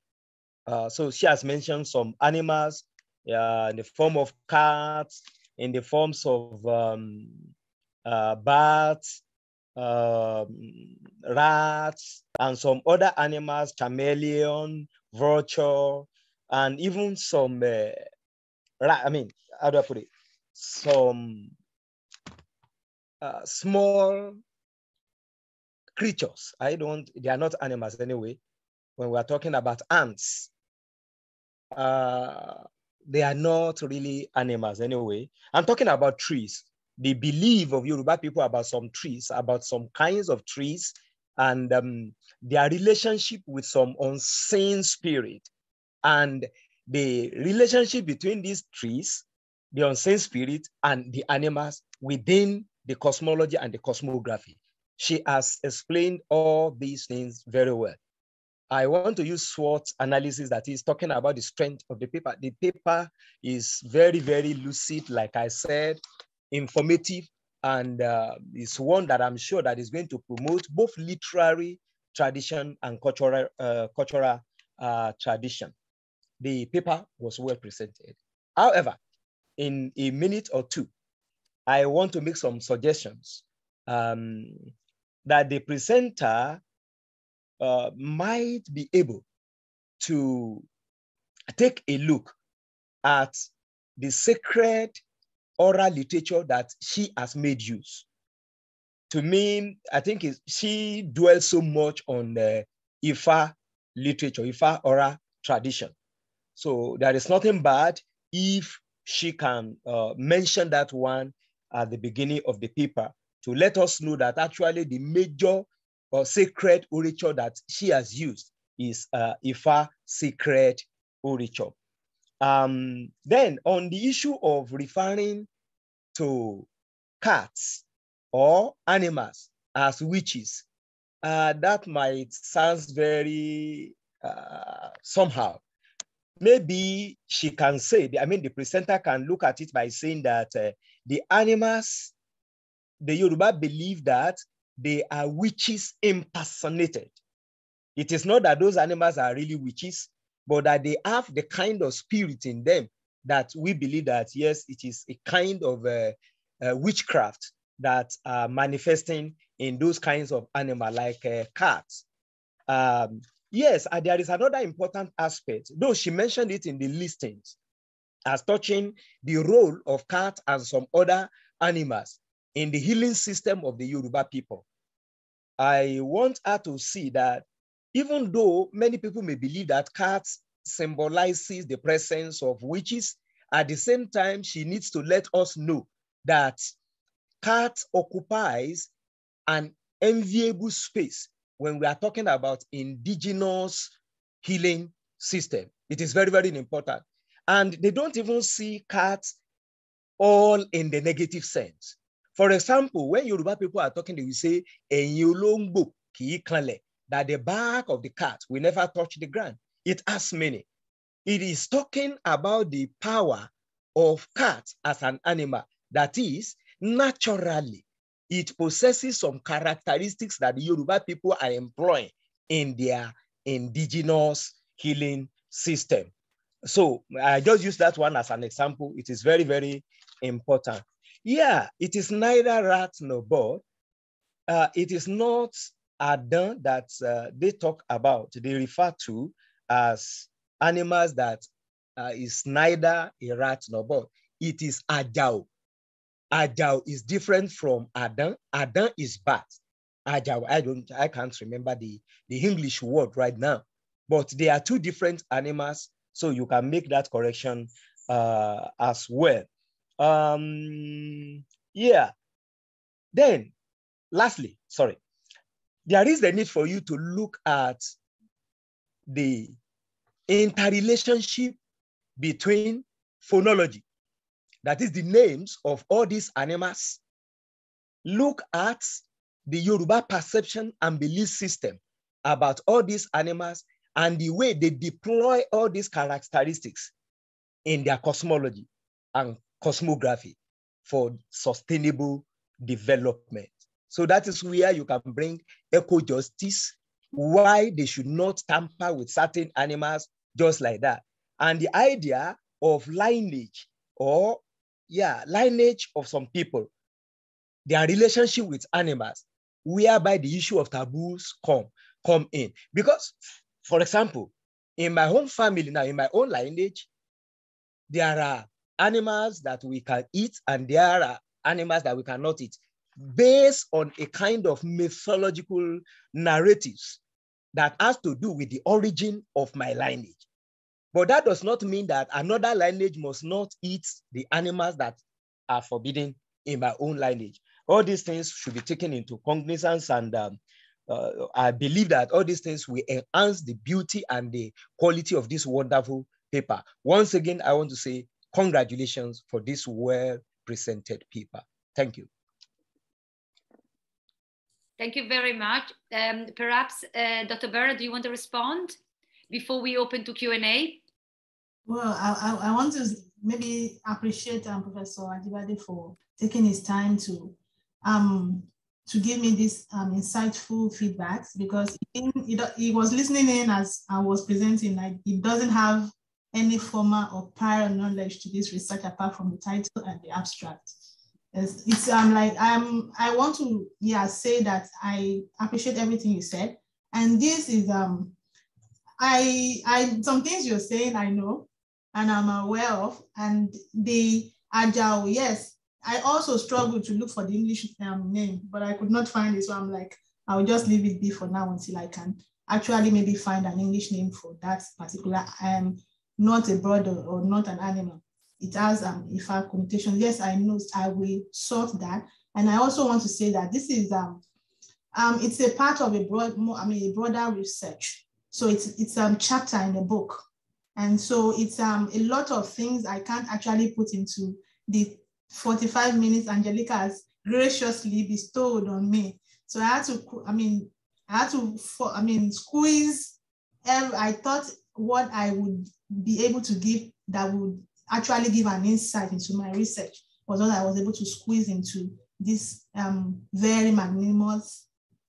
Uh, so she has mentioned some animals uh, in the form of cats, in the forms of um, uh, bats, um, rats, and some other animals, chameleon, vulture, and even some, uh, I mean, how do I put it? Some uh, small creatures. I don't, they are not animals anyway. When we are talking about ants, uh, they are not really animals anyway. I'm talking about trees. The belief of Yoruba people about some trees, about some kinds of trees, and um, their relationship with some unseen spirit. And the relationship between these trees, the unseen spirit, and the animals within the cosmology and the cosmography. She has explained all these things very well. I want to use SWOT analysis that is talking about the strength of the paper. The paper is very, very lucid, like I said, informative, and uh, it's one that I'm sure that is going to promote both literary tradition and cultural, uh, cultural uh, tradition. The paper was well presented. However, in a minute or two, I want to make some suggestions um, that the presenter uh, might be able to take a look at the sacred oral literature that she has made use. To me, I think she dwells so much on the uh, Ifa literature, Ifa oral tradition. So there is nothing bad if she can uh, mention that one at the beginning of the paper to let us know that actually the major or sacred orature that she has used is uh, Ifa sacred orature. Um, then on the issue of referring to cats or animals as witches, uh, that might sound very uh, somehow. Maybe she can say, I mean, the presenter can look at it by saying that uh, the animals the Yoruba believe that they are witches impersonated. It is not that those animals are really witches, but that they have the kind of spirit in them that we believe that, yes, it is a kind of uh, uh, witchcraft that are manifesting in those kinds of animal like uh, cats. Um, yes, there is another important aspect, though she mentioned it in the listings as touching the role of cats and some other animals in the healing system of the Yoruba people. I want her to see that even though many people may believe that cats symbolizes the presence of witches, at the same time, she needs to let us know that cat occupies an enviable space when we are talking about indigenous healing system. It is very, very important. And they don't even see cats all in the negative sense. For example, when Yoruba people are talking, they will say, a olóńgbò kì í that the back of the cat will never touch the ground. It has many. It is talking about the power of cat as an animal. That is, naturally, it possesses some characteristics that the Yoruba people are employing in their indigenous healing system. So I just use that one as an example. It is very, very important. Yeah, it is neither rat nor bird. Uh, it is not Adam that uh, they talk about, they refer to as animals that uh, is neither a rat nor bird. It is Ajao. Ajao is different from Adam. Adam is bat. Ajao, I don't, I can't remember the, the English word right now, but they are two different animals. So you can make that correction uh, as well. Um, yeah. Then, lastly, sorry, there is the need for you to look at the interrelationship between phonology, that is the names of all these animals. Look at the Yoruba perception and belief system about all these animals and the way they deploy all these characteristics in their cosmology and cosmography for sustainable development. So that is where you can bring eco justice, why they should not tamper with certain animals just like that. And the idea of lineage or, yeah, lineage of some people, their relationship with animals, whereby the issue of taboos come, come in. Because, for example, in my own family now, in my own lineage, there are animals that we can eat and there are animals that we cannot eat based on a kind of mythological narratives that has to do with the origin of my lineage. But that does not mean that another lineage must not eat the animals that are forbidden in my own lineage. All these things should be taken into cognizance and um, uh, I believe that all these things will enhance the beauty and the quality of this wonderful paper. Once again, I want to say congratulations for this well-presented paper. Thank you. Thank you very much. Um, perhaps, uh, Dr. Vera, do you want to respond before we open to Q&A? Well, I, I, I, want to maybe appreciate um, Professor Adibade for taking his time to um, to give me this um, insightful feedbacks because he, he, was listening in as I was presenting. Like it doesn't have any formal or prior knowledge to this research apart from the title and the abstract. It's, it's am like I'm I want to yeah say that I appreciate everything you said, and this is um I I some things you're saying I know and I'm aware of, and the agile yes I also struggled to look for the English um, name, but I could not find it, so I'm like I'll just leave it be for now until I can actually maybe find an English name for that particular um, not a bird or, or not an animal. It has um, IFA connotation. Yes, I know I will sort that. And I also want to say that this is um, um, it's a part of a broad, more, I mean, a broader research. So it's it's a um, chapter in the book, and so it's um, a lot of things I can't actually put into the 45 minutes Angelica has graciously bestowed on me. So I had to, I mean, I had to, I mean, squeeze. I thought what I would be able to give that would actually give an insight into my research was what I was able to squeeze into this um, very magnanimous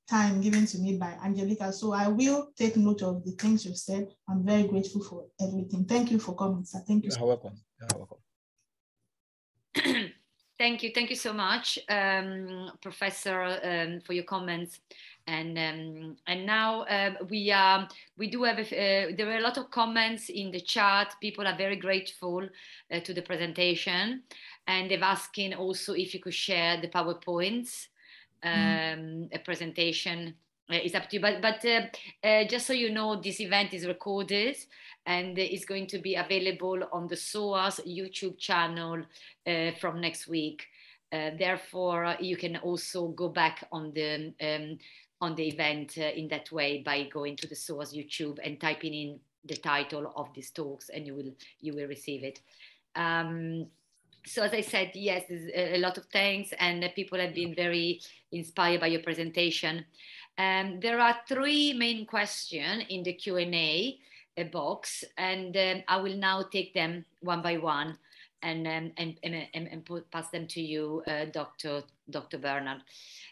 time given to me by Angelica. So I will take note of the things you have said. I'm very grateful for everything. Thank you for coming, sir. Thank you. You're welcome. You're welcome. thank you. Thank you so much, um, Professor, um, for your comments and um, and now uh, we are um, we do have a, uh, there are a lot of comments in the chat. People are very grateful uh, to the presentation, and they've asking also if you could share the powerpoints mm-hmm. um, mm. a presentation. Uh, it's up to you, but but uh, uh, just so you know, this event is recorded and is going to be available on the SOAS YouTube channel from next week. Uh, therefore, you can also go back on the um, on the event uh, in that way by going to the source YouTube and typing in the title of these talks and you will you will receive it. Um, so as I said, yes, a lot of thanks and people have been very inspired by your presentation. Um, there are three main questions in the Q&A uh, box and um, I will now take them one by one and, um, and, and, and, and pass them to you, uh, Dr. Dr. Bernard.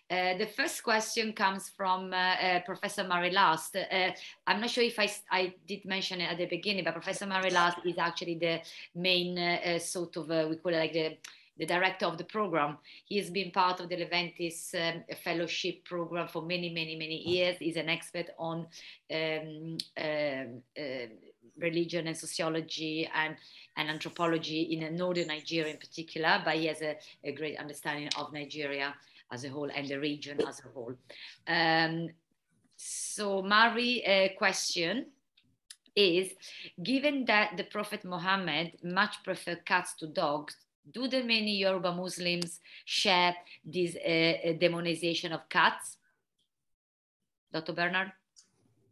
Uh, the first question comes from uh, uh, Professor Mary Last. Uh, I'm not sure if I, I did mention it at the beginning, but Professor Mary Last is actually the main uh, uh, sort of, we call it like the, the director of the program. He has been part of the Leventis um, Fellowship program for many, many, many years. He's an expert on um, um religion and sociology and, and anthropology in northern Nigeria in particular, but he has a, a, great understanding of Nigeria as a whole and the region as a whole. Um, so Mari uh, question is, given that the Prophet Muhammad much preferred cats to dogs, do the many Yoruba Muslims share this uh, uh demonization of cats? Dr. Bernard?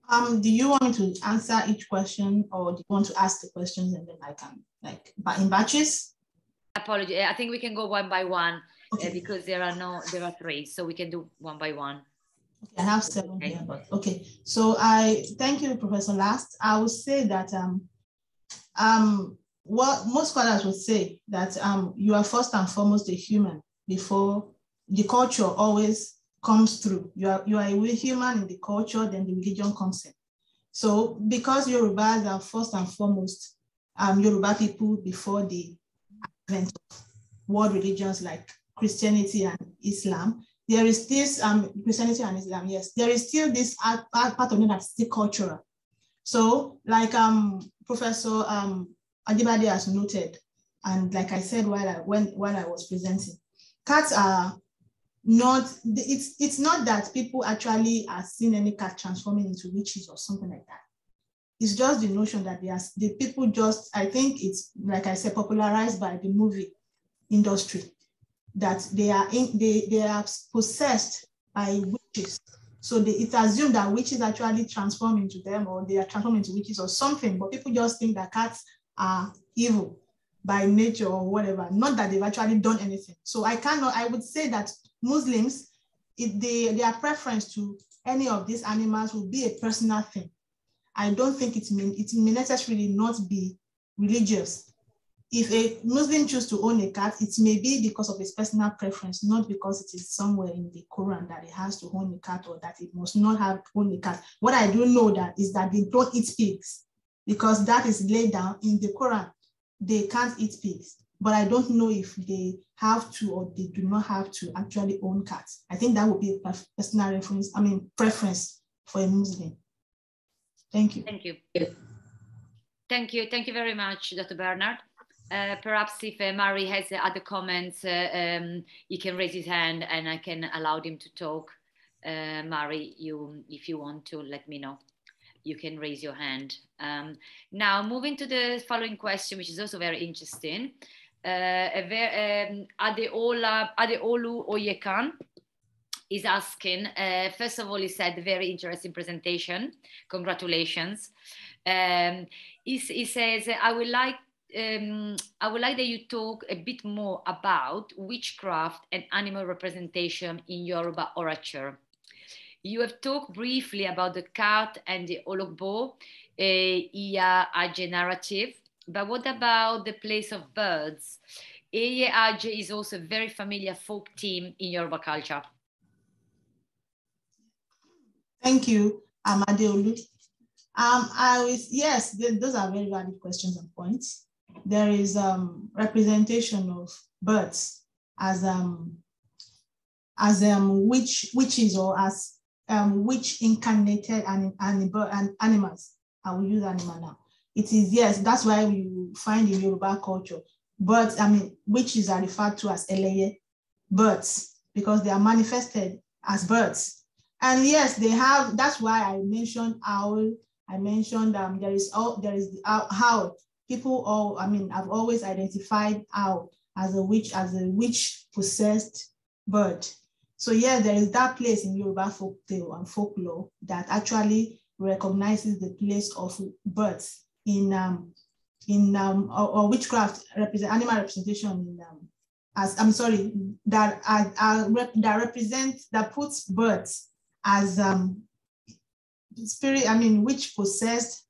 Um, do you want me to answer each question or do you want to ask the questions and then I can like in batches? Apology. Eh, I think we can go one by one eh, okay. uh, because there are no there are three, so we can do one by one. Okay, I have seven okay. here, but okay. So I thank you, Professor Last. I will say that um um what most scholars would say that um you are first and foremost a human before the culture always comes through. You are, you are a human in the culture, then the religion comes in. So because Yorubas are first and foremost um, Yoruba people before the advent of world religions like Christianity and Islam, there is this, um, Christianity and Islam, yes, there is still this art, part of it that's still cultural. So like um, Professor um, Adibade has noted, and like I said while I, when, while I was presenting, cats are not it's it's not that people actually are seeing any cat transforming into witches or something like that it's just the notion that they are, the people just i think it's like i said popularized by the movie industry that they are in they, they are possessed by witches so they, it's assumed that witches actually transform into them or they are transformed into witches or something but people just think that cats are evil by nature or whatever not that they've actually done anything so i cannot i would say that Muslims, they, their preference to any of these animals will be a personal thing. I don't think it may, it may necessarily not be religious. If a Muslim chooses to own a cat, it may be because of his personal preference, not because it is somewhere in the Quran that he has to own a cat or that he must not have own a cat. What I do know that is that they don't eat pigs because that is laid down in the Quran. They can't eat pigs but I don't know if they have to or they do not have to actually own cats. I think that would be a personal reference, I mean, preference for a Muslim. Thank you. Thank you. Thank you. Thank you very much, Dr. Bernard. Uh, perhaps if uh, has uh, other comments, uh, um, he can raise his hand and I can allow him to talk. Uh, you, if you want to, let me know. You can raise your hand. Um, now, moving to the following question, which is also very interesting. Uh, um, Adeola, Adeolu Oyekan is asking, uh, first of all, he said, very interesting presentation. Congratulations. Um, he, he says, I would like um, I would like that you talk a bit more about witchcraft and animal representation in Yoruba orature. You have talked briefly about the cat and the ologbo uh, a narrative. But what about the place of birds? Eye is also a very familiar folk team in Yoruba culture. Thank you, Amadeolu. Um, I was, yes, th those are very valid questions and points. There is um, representation of birds as um, as um, witch, witches or as um, witch incarnated anim, anim, animals. I will use animal now it is yes, that's why we find in Yoruba culture. But I mean, witches are referred to as eleye, birds, because they are manifested as birds. And yes, they have, that's why I mentioned owl. I mentioned um, there is all there is the owl. People all, I mean, I've always identified owl as a witch, as a witch possessed bird. So yeah, there is that place in Yoruba folktale and folklore that actually recognizes the place of birds in um, in um, or, or, witchcraft represent animal representation in um, as I'm sorry that uh, uh, rep, that represents that puts birds as um, spirit. I mean, which possessed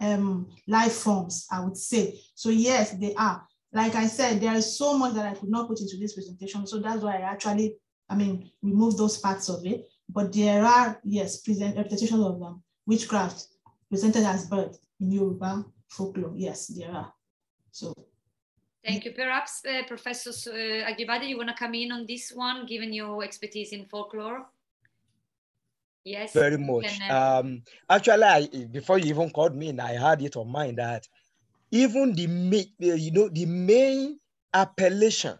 um, life forms. I would say so. Yes, they are. Like I said, there is so much that I could not put into this presentation, so that's why I actually, I mean, remove those parts of it. But there are yes, present representations of them, um, witchcraft presented as birds in Yoruba folklore. Yes, there are. So. Thank you. Perhaps uh, Professor uh, you want to come in on this one, given your expertise in folklore? Yes. Very much. Uh, um, actually, I, before you even called me in, I had it on mind that even the main, uh, you know, the main appellation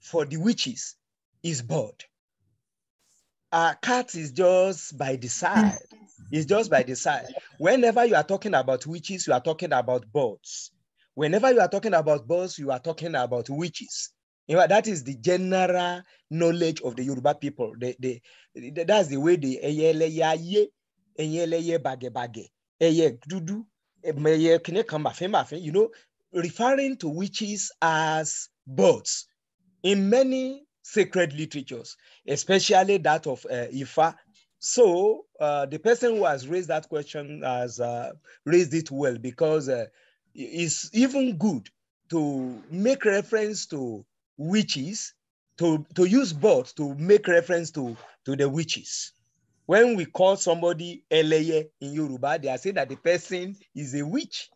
for the witches is bird. A cat is just by the hmm. side. It's just by the side. Whenever you are talking about witches, you are talking about birds. Whenever you are talking about birds, you are talking about witches. You know, that is the general knowledge of the Yoruba people. They, they, they that's the way they eyeleye eyeleye bage bage dudu kine You know, referring to witches as birds in many sacred literatures, especially that of uh, eh, Ifa so uh, the person who has raised that question has uh, raised it well because uh, it's even good to make reference to witches, to, to use both to make reference to, to the witches. When we call somebody Eleye in Yoruba, they are saying that the person is a witch,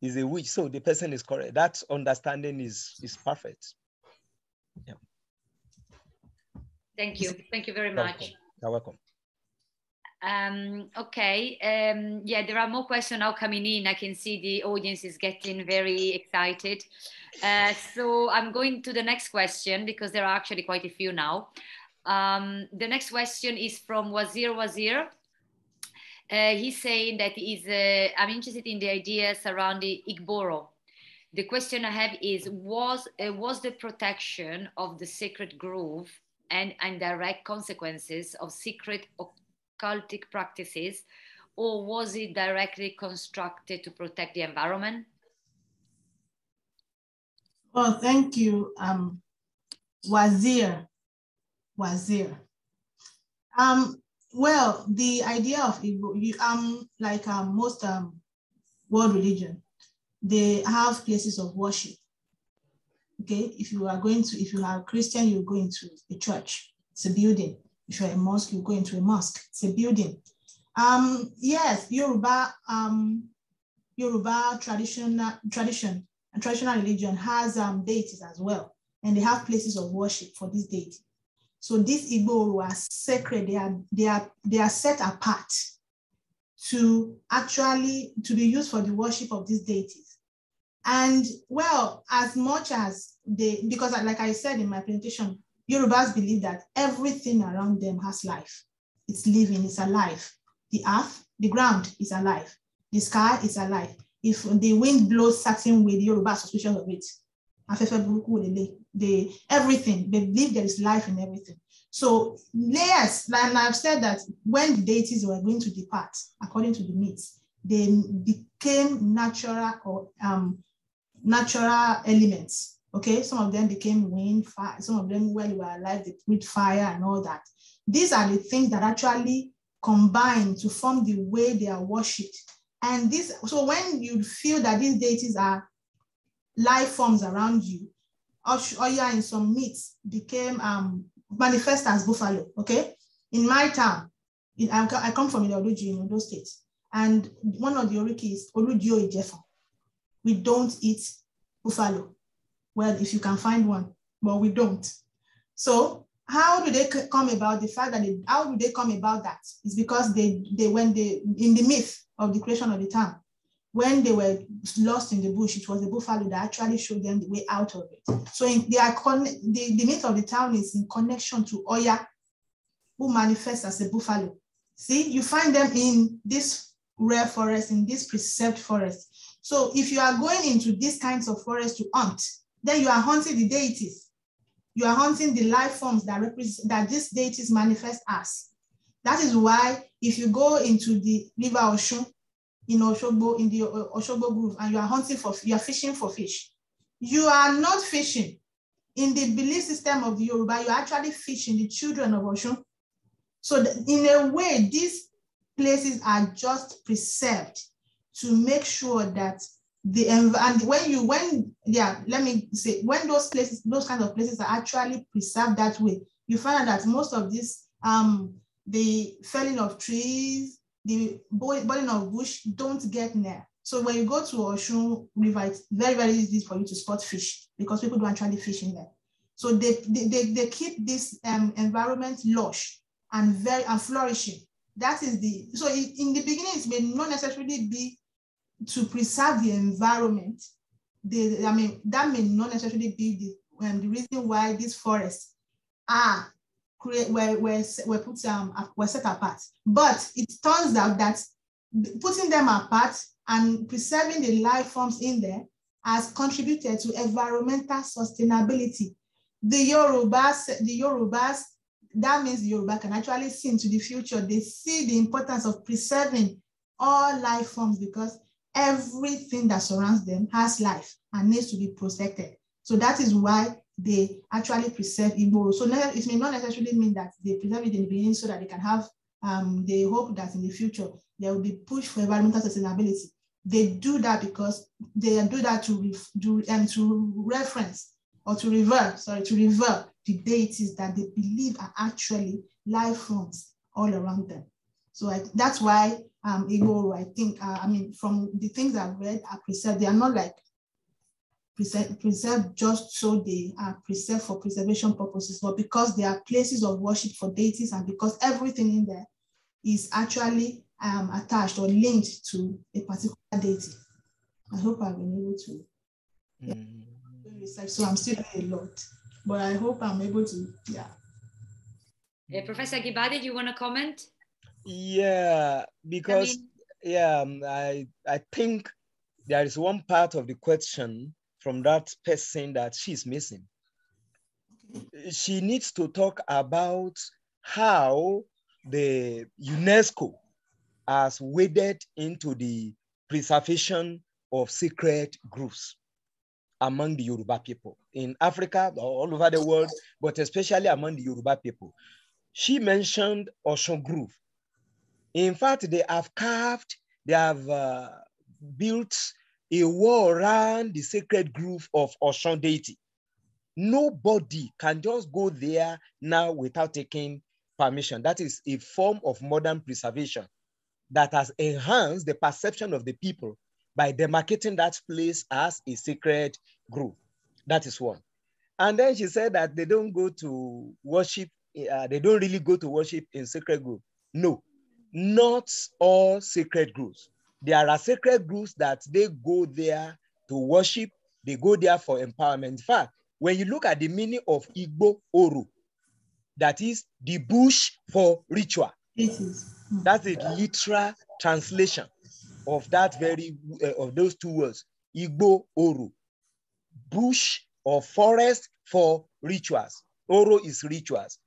is a witch. So the person is correct. That understanding is, is perfect. Yeah. Thank you. Thank you very much. You're welcome. Um, okay, um, yeah, there are more questions now coming in. I can see the audience is getting very excited. Uh, so I'm going to the next question because there are actually quite a few now. Um, the next question is from Wazir Wazir. Uh, he's saying that he's, uh, I'm interested in the idea surrounding Igboro. The question I have is, was, uh, was the protection of the sacred grove and, and direct consequences of secret cultic practices, or was it directly constructed to protect the environment? Well, oh, thank you, um, Wazir. Wazir. Um, well, the idea of Igbo, you, um, like um, most um, world religion, they have places of worship. Okay, if you are going to, if you are Christian, you go into a church, it's a building. If you're a mosque, you go into a mosque. It's a building. Um, yes, Yoruba, um, Yoruba traditional tradition and traditional religion has um, deities as well, and they have places of worship for this deity. So these Igbo are sacred. They are they are they are set apart to actually to be used for the worship of these deities. And well, as much as they, because like I said in my presentation, Yorubas believe that everything around them has life. It's living, it's alive. The earth, the ground is alive. The sky is alive. If the wind blows certain way, the Yoruba suspicion of it. everything, they believe there is life in everything. So layers, and I've said that when the deities were going to depart, according to the myths, they became natural or um, natural elements Okay, some of them became wind, fire, some of them, while you were alive, they breathed fire and all that. These are the things that actually combine to form the way they are worshipped. And this, so when you feel that these deities are life forms around you, Oya in some myths became um, manifest as buffalo. Okay, in my town, in, I, come from Iloduji in Ondo State, and one of the oriki is Oludio Ijefa. We don't eat buffalo. Well, if you can find one, but we don't. So how do they come about the fact that they, how do they come about that? It's because they, they when they, in the myth of the creation of the town, when they were lost in the bush, it was the buffalo that actually showed them the way out of it. So in, they are con the, the myth of the town is in connection to Oya, who manifests as a buffalo. See, you find them in this rare forest, in this preserved forest. So if you are going into these kinds of forests to hunt, then you are hunting the deities. You are hunting the life forms that represent that these deities manifest as. That is why if you go into the river Oshun in Oshobo in the Oshobo Grove, and you are hunting for, you are fishing for fish, you are not fishing in the belief system of the Yoruba, you're actually fishing the children of Oshun. So in a way, these places are just preserved to make sure that the and when you when yeah let me say when those places those kind of places are actually preserved that way you find out that most of this um the felling of trees the burning of bush don't get near so when you go to Oshun River, it's very, very easy for you to spot fish because people don't actually fish in there. So they, they, they, they keep this um, environment lush and very and flourishing. That is the, so in the beginning, it may not necessarily be to preserve the environment, I mean, that may not necessarily be the, um, the reason why these forests are create, were, were, were, put, um, were set apart. But it turns out that putting them apart and preserving the life forms in there has contributed to environmental sustainability. The Yorubas, the Yorubas, that means the Yoruba can actually see into the future. They see the importance of preserving all life forms because everything that surrounds them has life and needs to be protected. So that is why they actually preserve Igbo. So it may not necessarily mean that they preserve it in the beginning so that they can have, um, they hope that in the future there will be push for environmental sustainability. They do that because they do that to ref, do, um, to reference or to revert, sorry, to revert the deities that they believe are actually life forms all around them. So I, that's why um, Igbo, I think, uh, I mean, from the things I've read are preserved. They are not like preserved, just so they are preserved for preservation purposes, but because they are places of worship for deities and because everything in there is actually um, attached or linked to a particular deity. I hope I've been able to yeah, mm. research. So I'm still doing a lot, but I hope I'm able to, yeah. Uh, Professor Gibade, do you want to comment? Yeah, because I mean, yeah, um, I I think there is one part of the question from that person that she's missing. She needs to talk about how the UNESCO has waded into the preservation of secret groups among the Yoruba people in Africa, all over the world, but especially among the Yoruba people. She mentioned Ocean Groove in fact, they have carved, they have uh, built a wall around the sacred grove of Oshun deity. Nobody can just go there now without taking permission. That is a form of modern preservation that has enhanced the perception of the people by demarcating that place as a sacred grove. That is one. And then she said that they don't go to worship, uh, they don't really go to worship in sacred grove. No, not all sacred groups. There are sacred groups that they go there to worship, they go there for empowerment. In fact, when you look at the meaning of Igbo Oru, that is the bush for ritual. That's a literal translation of that very uh, of those two words, Igbo Oru, bush or forest for rituals. Oro is rituals.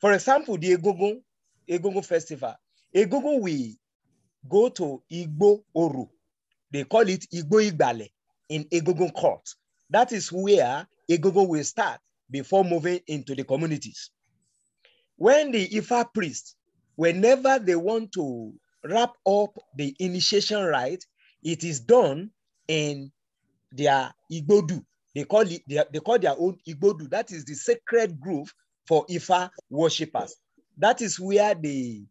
For example, the Egungun, Egungun festival. Egogo we go to Igbo Oru. They call it Igbo Igbale in Egogo court. That is where Egogo will start before moving into the communities. When the Ifa priests, whenever they want to wrap up the initiation rite, it is done in their Igbodu. They call it they, they call their own Igbodu. That is the sacred grove for Ifa worshippers. That is where the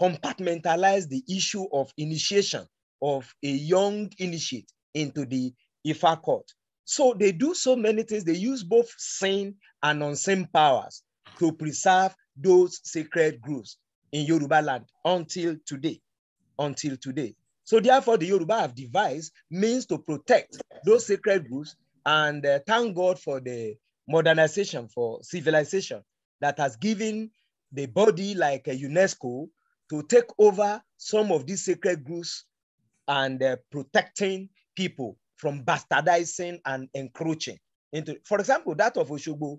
compartmentalize the issue of initiation of a young initiate into the Ifa court. So they do so many things. They use both sane and unsane powers to preserve those sacred groves in Yoruba land until today, until today. So therefore, the Yoruba have devised means to protect those sacred groves and uh, thank God for the modernization, for civilization that has given the body like a UNESCO to take over some of these sacred groves and uh, protecting people from bastardizing and encroaching into, for example, that of Oshogbo,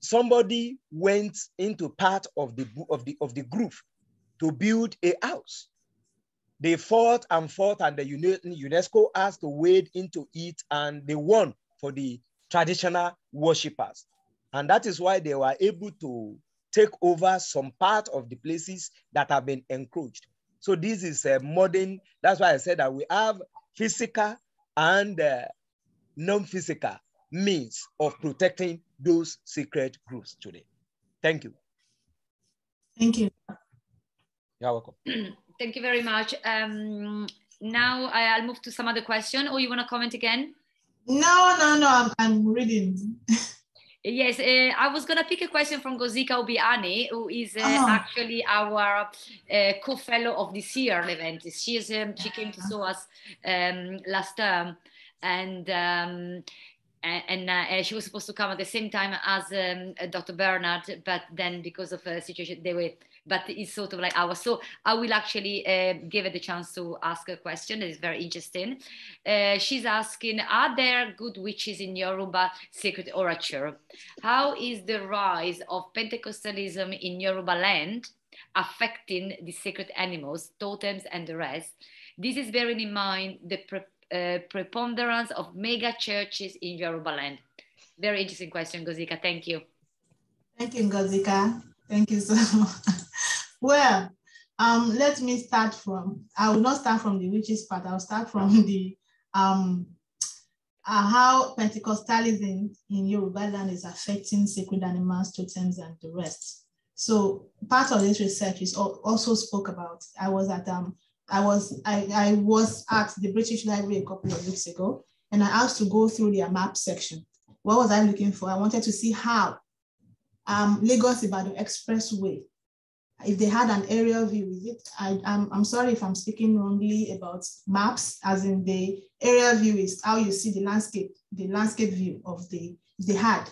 somebody went into part of the, of the, of the grove to build a house. They fought and fought and the UNESCO asked to wade into it and they won for the traditional worshippers. And that is why they were able to take over some part of the places that have been encroached. So this is a uh, modern, that's why I said that we have physical and uh, non-physical means of protecting those secret groups today. Thank you. Thank you. You're welcome. Thank you very much. Um, now I'll move to some other question or oh, you want to comment again? No, no, no, I'm, I'm reading. Yes, uh, I was going to pick a question from Gozika Obiani, who is uh, oh. actually our uh, co-fellow of this year Leventis. She, is, um, she came to ah. see us um, last term and um, and uh, she was supposed to come at the same time as um, Dr. Bernard, but then because of a situation, they were but it's sort of like ours. So I will actually uh, give it the chance to ask a question. It's very interesting. Uh, she's asking, are there good witches in Yoruba sacred orature? How is the rise of Pentecostalism in Yoruba land affecting the sacred animals, totems, and the rest? This is bearing in mind the pre- uh, preponderance of mega churches in Yoruba land. Very interesting question, Gozika. Thank you. Thank you, Gozika. Thank you so much. Well, um, let me start from, I will not start from the witches part, I'll start from the um, uh, how Pentecostalism in Yoruba land is affecting sacred animals, totems, and the rest. So part of this research is also spoke about. I was at um, I was I, I was at the British Library a couple of weeks ago, and I asked to go through their map section. What was I looking for? I wanted to see how um, Lagos Ibadan Expressway if they had an aerial view with it. I, I'm, I'm sorry if I'm speaking wrongly about maps, as in the aerial view is how you see the landscape, the landscape view of the, if they had,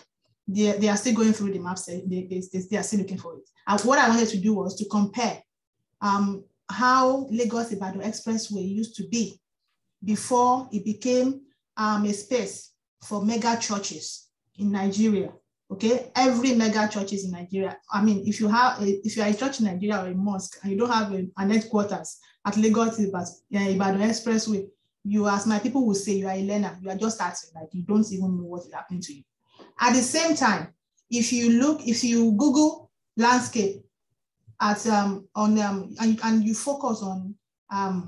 they, they are still going through the maps, eh, they, they, they are still looking for it. And what I wanted to do was to compare um, how Lagos Ibadan Expressway used to be before it became um, a space for mega churches in Nigeria. Okay, every mega churches in Nigeria. I mean, if you have, a, if you are a church in Nigeria or a mosque and you don't have a, an headquarters at Lagos Ibadan Expressway, you, as my people will say, you are a learner. You are just starting, like you don't even know what is happening to you. At the same time, if you look, if you Google landscape at um on um and, and you focus on um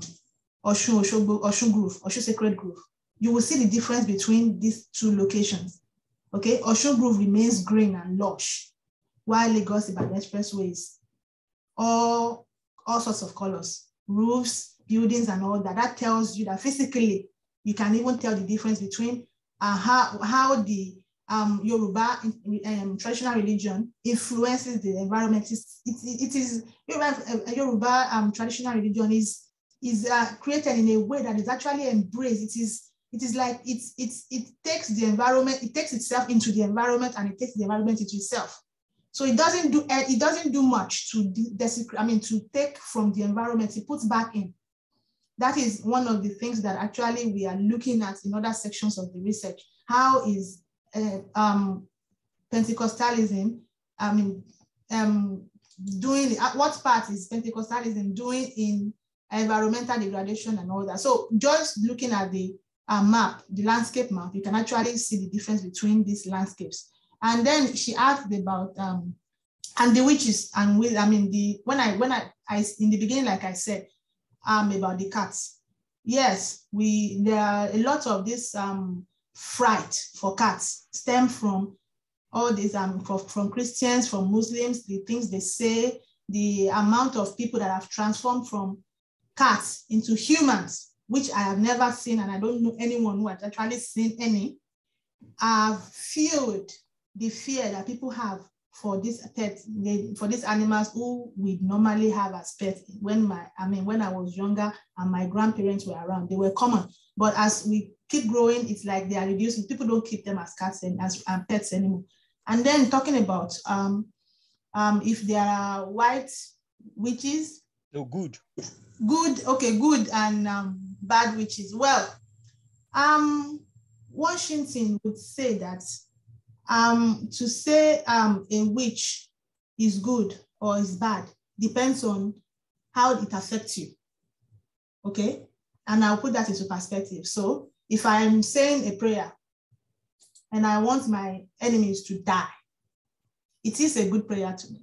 Oshun Oshun Oshun Grove, Oshun Sacred Grove, you will see the difference between these two locations. Okay, Ocean Grove remains green and lush, while Lagos Ibadan expressways, all, all sorts of colors, roofs, buildings, and all that. That tells you that physically, you can even tell the difference between uh, how, how the um, Yoruba um, traditional religion influences the environment. It's, it, it is Yoruba, uh, Yoruba um, traditional religion is is uh, created in a way that is actually embraced. It is it is like it's, it's, it takes the environment, it takes itself into the environment and it takes the environment into itself. So it doesn't do, eh, it doesn't do much to desecrate, I mean, to take from the environment, it puts back in. That is one of the things that actually we are looking at in other sections of the research. How is uh, um, Pentecostalism, I mean, um, doing, uh, what part is Pentecostalism doing in environmental degradation and all that. So just looking at the a map, the landscape map, you can actually see the difference between these landscapes. And then she asked about um, and the witches and with. I mean the when I when I, I in the beginning, like I said, um about the cats. Yes, we there are a lot of this um fright for cats stem from all these um from, from Christians, from Muslims, the things they say, the amount of people that have transformed from cats into humans which I have never seen, and I don't know anyone who has actually seen any, have fueled the fear that people have for these pet, for these animals who we normally have as pets. When my, I mean, when I was younger and my grandparents were around, they were common. But as we keep growing, it's like they are reducing. People don't keep them as cats and as and pets anymore. And then talking about um, um, if there are white witches. No good. Good. Okay. Good and um, bad witches. Well, um, Washington would say that um, to say um, a witch is good or is bad depends on how it affects you. Okay? And I'll put that into perspective. So if I'm saying a prayer and I want my enemies to die, it is a good prayer to me.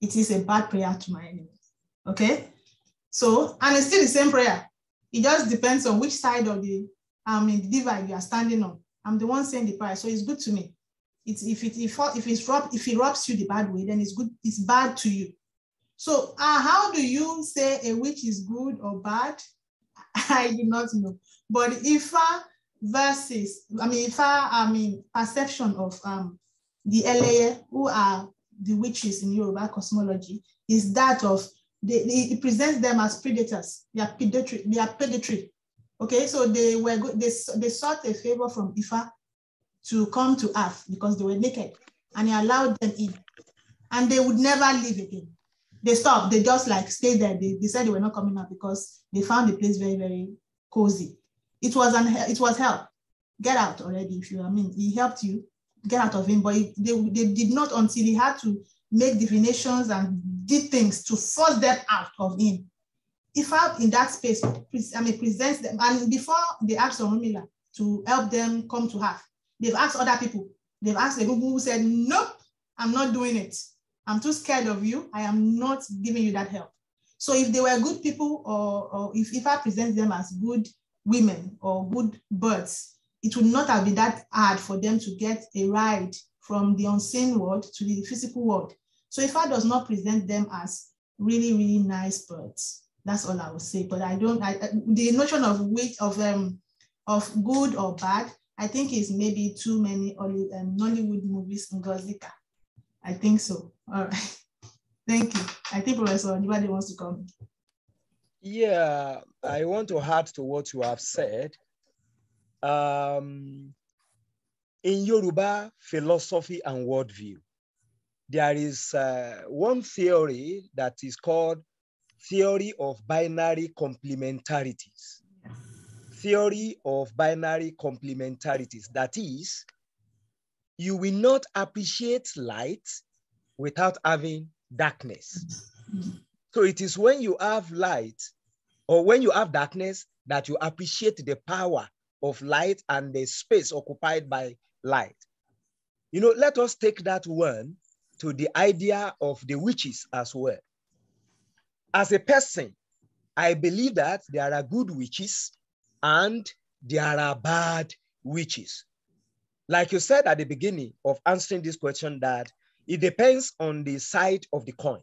It is a bad prayer to my enemies. Okay? So, and it's still the same prayer. It just depends on which side of the um, I mean the divide you are standing on. I'm the one saying the price, so it's good to me. It's if it if if it's rob, if it robs you the bad way, then it's good. It's bad to you. So uh, how do you say a witch is good or bad? I do not know. But Ifa versus I mean Ifa I mean perception of um the LA who are the witches in Yoruba cosmology is that of they, they presents them as predators. They are predatory. They are predatory. Okay, so they were good. They, they sought a favor from Ifa to come to earth because they were naked and he allowed them in. And they would never leave again. They stopped. They just like stayed there. They, they said they were not coming out because they found the place very, very cozy. It was an, it was help. Get out already, if you I mean. He helped you get out of him, but he, they, they did not until he had to make divinations and did things to force them out of him. If I in that space, I mean, presents them. And before they asked Romila to help them come to have, they've asked other people. They've asked the people who said, nope, I'm not doing it. I'm too scared of you. I am not giving you that help. So if they were good people or, or if, if I present them as good women or good birds, it would not have been that hard for them to get a ride from the unseen world to the physical world so Ifa does not present them as really, really nice birds. That's all I would say. But I don't, I, the notion of which, of, um, of good or bad, I think is maybe too many Hollywood, um, Nollywood movies in Gozika. I think so. All right. Thank you. I think Professor anybody wants to come. Yeah, I want to add to what you have said. Um, in Yoruba philosophy and worldview, there is uh, one theory that is called theory of binary complementarities. Theory of binary complementarities. That is, you will not appreciate light without having darkness. So it is when you have light or when you have darkness that you appreciate the power of light and the space occupied by light. You know, let us take that one to the idea of the witches as well. As a person, I believe that there are good witches and there are bad witches. Like you said at the beginning of answering this question, that it depends on the side of the coin.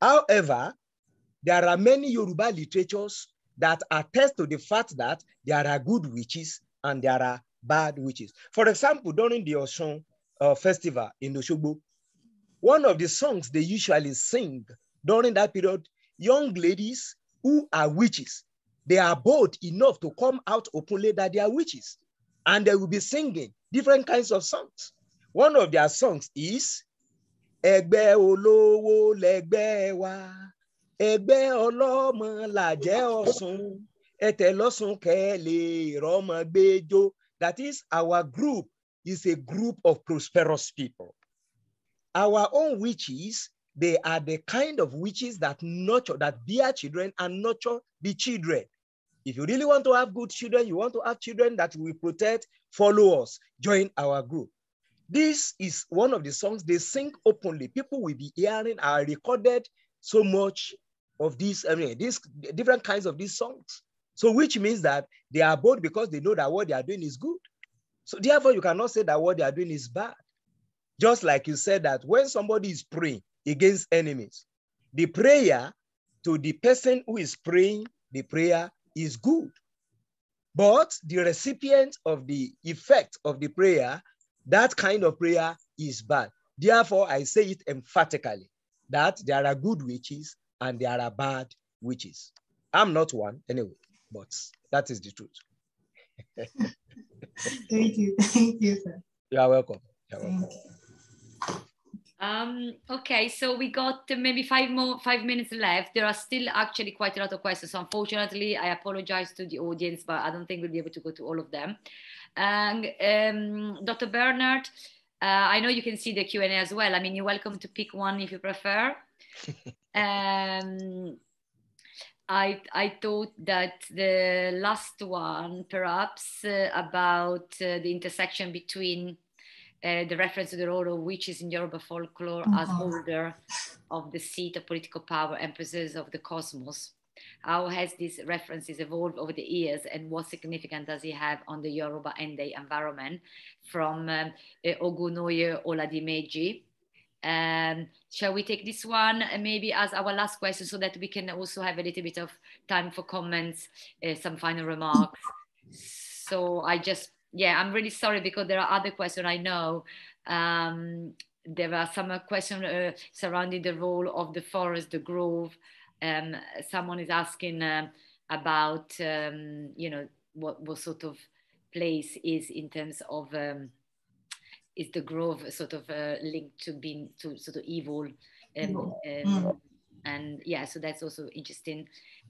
However, there are many Yoruba literatures that attest to the fact that there are good witches and there are bad witches. For example, during the Osun uh, festival in Oshogbo, one of the songs they usually sing during that period, young ladies who are witches, they are bold enough to come out openly that they are witches. And they will be singing different kinds of songs. One of their songs is Ẹgbẹ́ olówó lẹgbẹ́ wa, ẹgbẹ́ ọlọ́mọ je ọ̀sùn, ẹ̀tẹ̀ lọ́sùn kẹ́ lè roma gbẹ́jọ́. That is, our group is a group of prosperous people. Our own witches, they are the kind of witches that nurture, that bear children and nurture the children. If you really want to have good children, you want to have children that will protect, follow us, join our group. This is one of the songs they sing openly. People will be hearing. I recorded so much of these, I mean, these different kinds of these songs. So, which means that they are bold because they know that what they are doing is good. So, therefore, you cannot say that what they are doing is bad. Just like you said that when somebody is praying against enemies, the prayer to the person who is praying, the prayer is good. But the recipient of the effect of the prayer, that kind of prayer is bad. Therefore, I say it emphatically that there are good witches and there are bad witches. I'm not one anyway, but that is the truth. thank you. Thank you, sir. You are welcome. You're welcome. Um, okay, so we got maybe five more five minutes left. There are still actually quite a lot of questions. So unfortunately, I apologize to the audience, but I don't think we'll be able to go to all of them. And um, Dr. Bernard, uh, I know you can see the Q&A as well. I mean, you're welcome to pick one if you prefer. um, I, I thought that the last one, perhaps, uh, about uh, the intersection between uh, the reference to the role of witches in Yoruba folklore mm-hmm. as uh-huh. holder of the seat of political power and preservers of the cosmos. How has these references evolved over the years and what significance does it have on the Yoruba and the environment? From um, uh, Ogunoye Oladimeji. Um, shall we take this one uh, maybe as our last question so that we can also have a little bit of time for comments, uh, some final remarks? So I just yeah, I'm really sorry because there are other questions I know. Um, there are some questions uh, surrounding the role of the forest, the grove. Um, someone is asking uh, about, um, you know, what, what sort of place is in terms of, um, is the grove sort of uh, linked to being, to sort of evil? Um, um mm and yeah so that's also interesting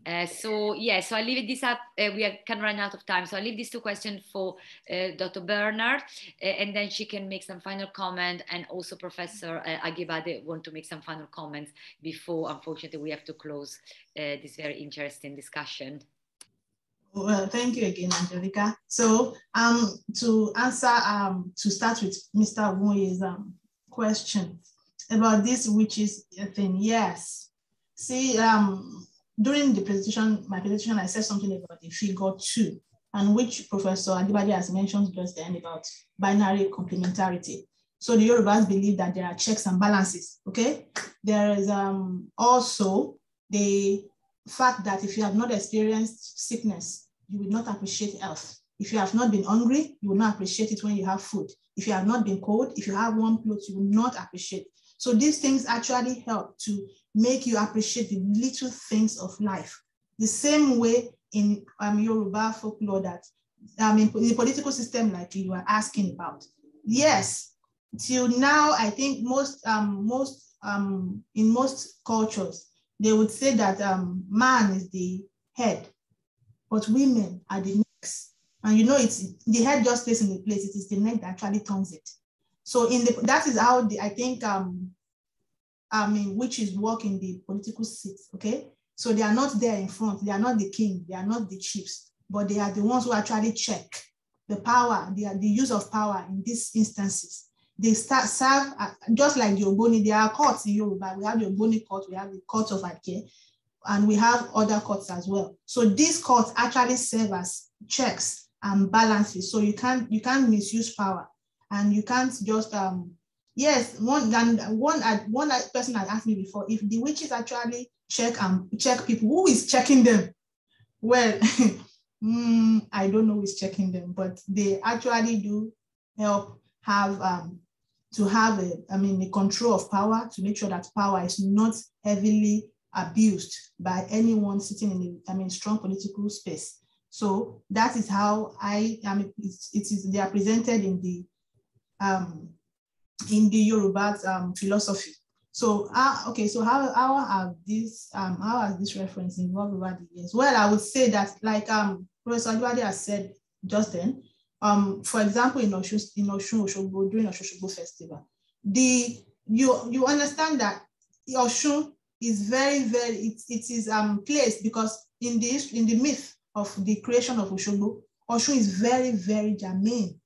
uh, so yeah so i leave this up uh, we can run out of time so i leave these two questions for uh, dr bernard uh, and then she can make some final comment and also professor uh, agibade want to make some final comments before unfortunately we have to close uh, this very interesting discussion well, thank you again, Angelica. So um, to answer, um, to start with Mr. Wu's um, question, about this which is a thing. Yes, See, um, during the presentation, my presentation, I said something about the figure two, and which Professor Adibadi has mentioned just then about binary complementarity. So the Yorubas believe that there are checks and balances, okay? There is um, also the fact that if you have not experienced sickness, you will not appreciate health. If you have not been hungry, you will not appreciate it when you have food. If you have not been cold, if you have warm clothes, you will not appreciate. So these things actually help to make you appreciate the little things of life. The same way in um, Yoruba folklore that um, I mean, the political system like you were asking about. Yes, till now, I think most, um, most um, in most cultures, they would say that um, man is the head, but women are the necks. And you know, it's the head just stays in the place. It is the neck that actually turns it. So in the that is how the, I think um, I mean, which is working the political seats, okay? So they are not there in front. They are not the king. They are not the chiefs, but they are the ones who actually check the power, the, the use of power in these instances. They start serve uh, just like the Ogboni. There are courts in Yoruba. We have the Ogboni court, we have the court of Appeal, and we have other courts as well. So these courts actually serve as checks and balances. So you can't you can't misuse power, and you can't just um, Yes, one and one one person had asked me before if the witches actually check and um, check people. Who is checking them? Well, mm, I don't know who's checking them, but they actually do help have um, to have a, I mean, a control of power to make sure that power is not heavily abused by anyone sitting in, I mean, strong political space. So that is how I, I mean, it is they are presented in the um, in the Yoruba um, philosophy. So, uh, okay, so how, how have this, um, how has this reference involved over the years? Well, I would say that like um, Professor Adwade has said just then, um, for example, in Oshun, in Oshun Oshogbo, during Oshun Oshogbo festival, the, you, you understand that Oshun is very, very, it, it is um, placed because in the, in the myth of the creation of Oshogbo, Oshun is very, very germane.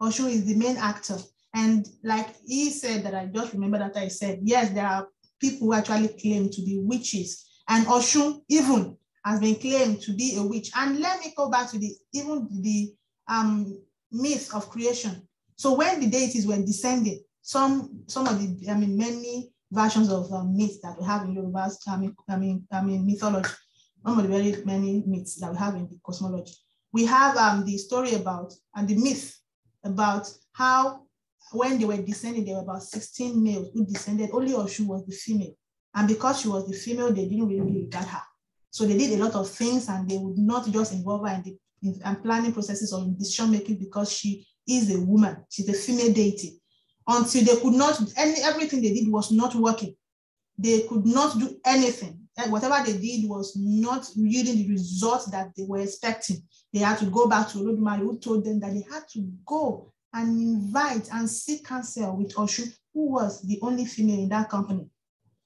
Oshun is the main actor. And like he said that I just remember that I said, yes, there are people who actually claim to be witches. And Oshun even has been claimed to be a witch. And let me go back to the even the um, myth of creation. So when the deities were descending, some some of the I mean many versions of um, myths that we have in Yoruba, I mean, I mean, I mean mythology, some of the very many myths that we have in the cosmology. We have um, the story about and the myth about how when they were descending, there were about 16 males who descended. Only Oshu was the female. And because she was the female, they didn't really regard her. So they did a lot of things and they would not just involve her in the in, in planning processes or in decision making because she is a woman. She's a female deity. Until they could not, any, everything they did was not working. They could not do anything. And whatever they did was not yielding the results that they were expecting. They had to go back to Olodumare who told them that they had to go and invite and seek counsel with Oshu, who was the only female in that company.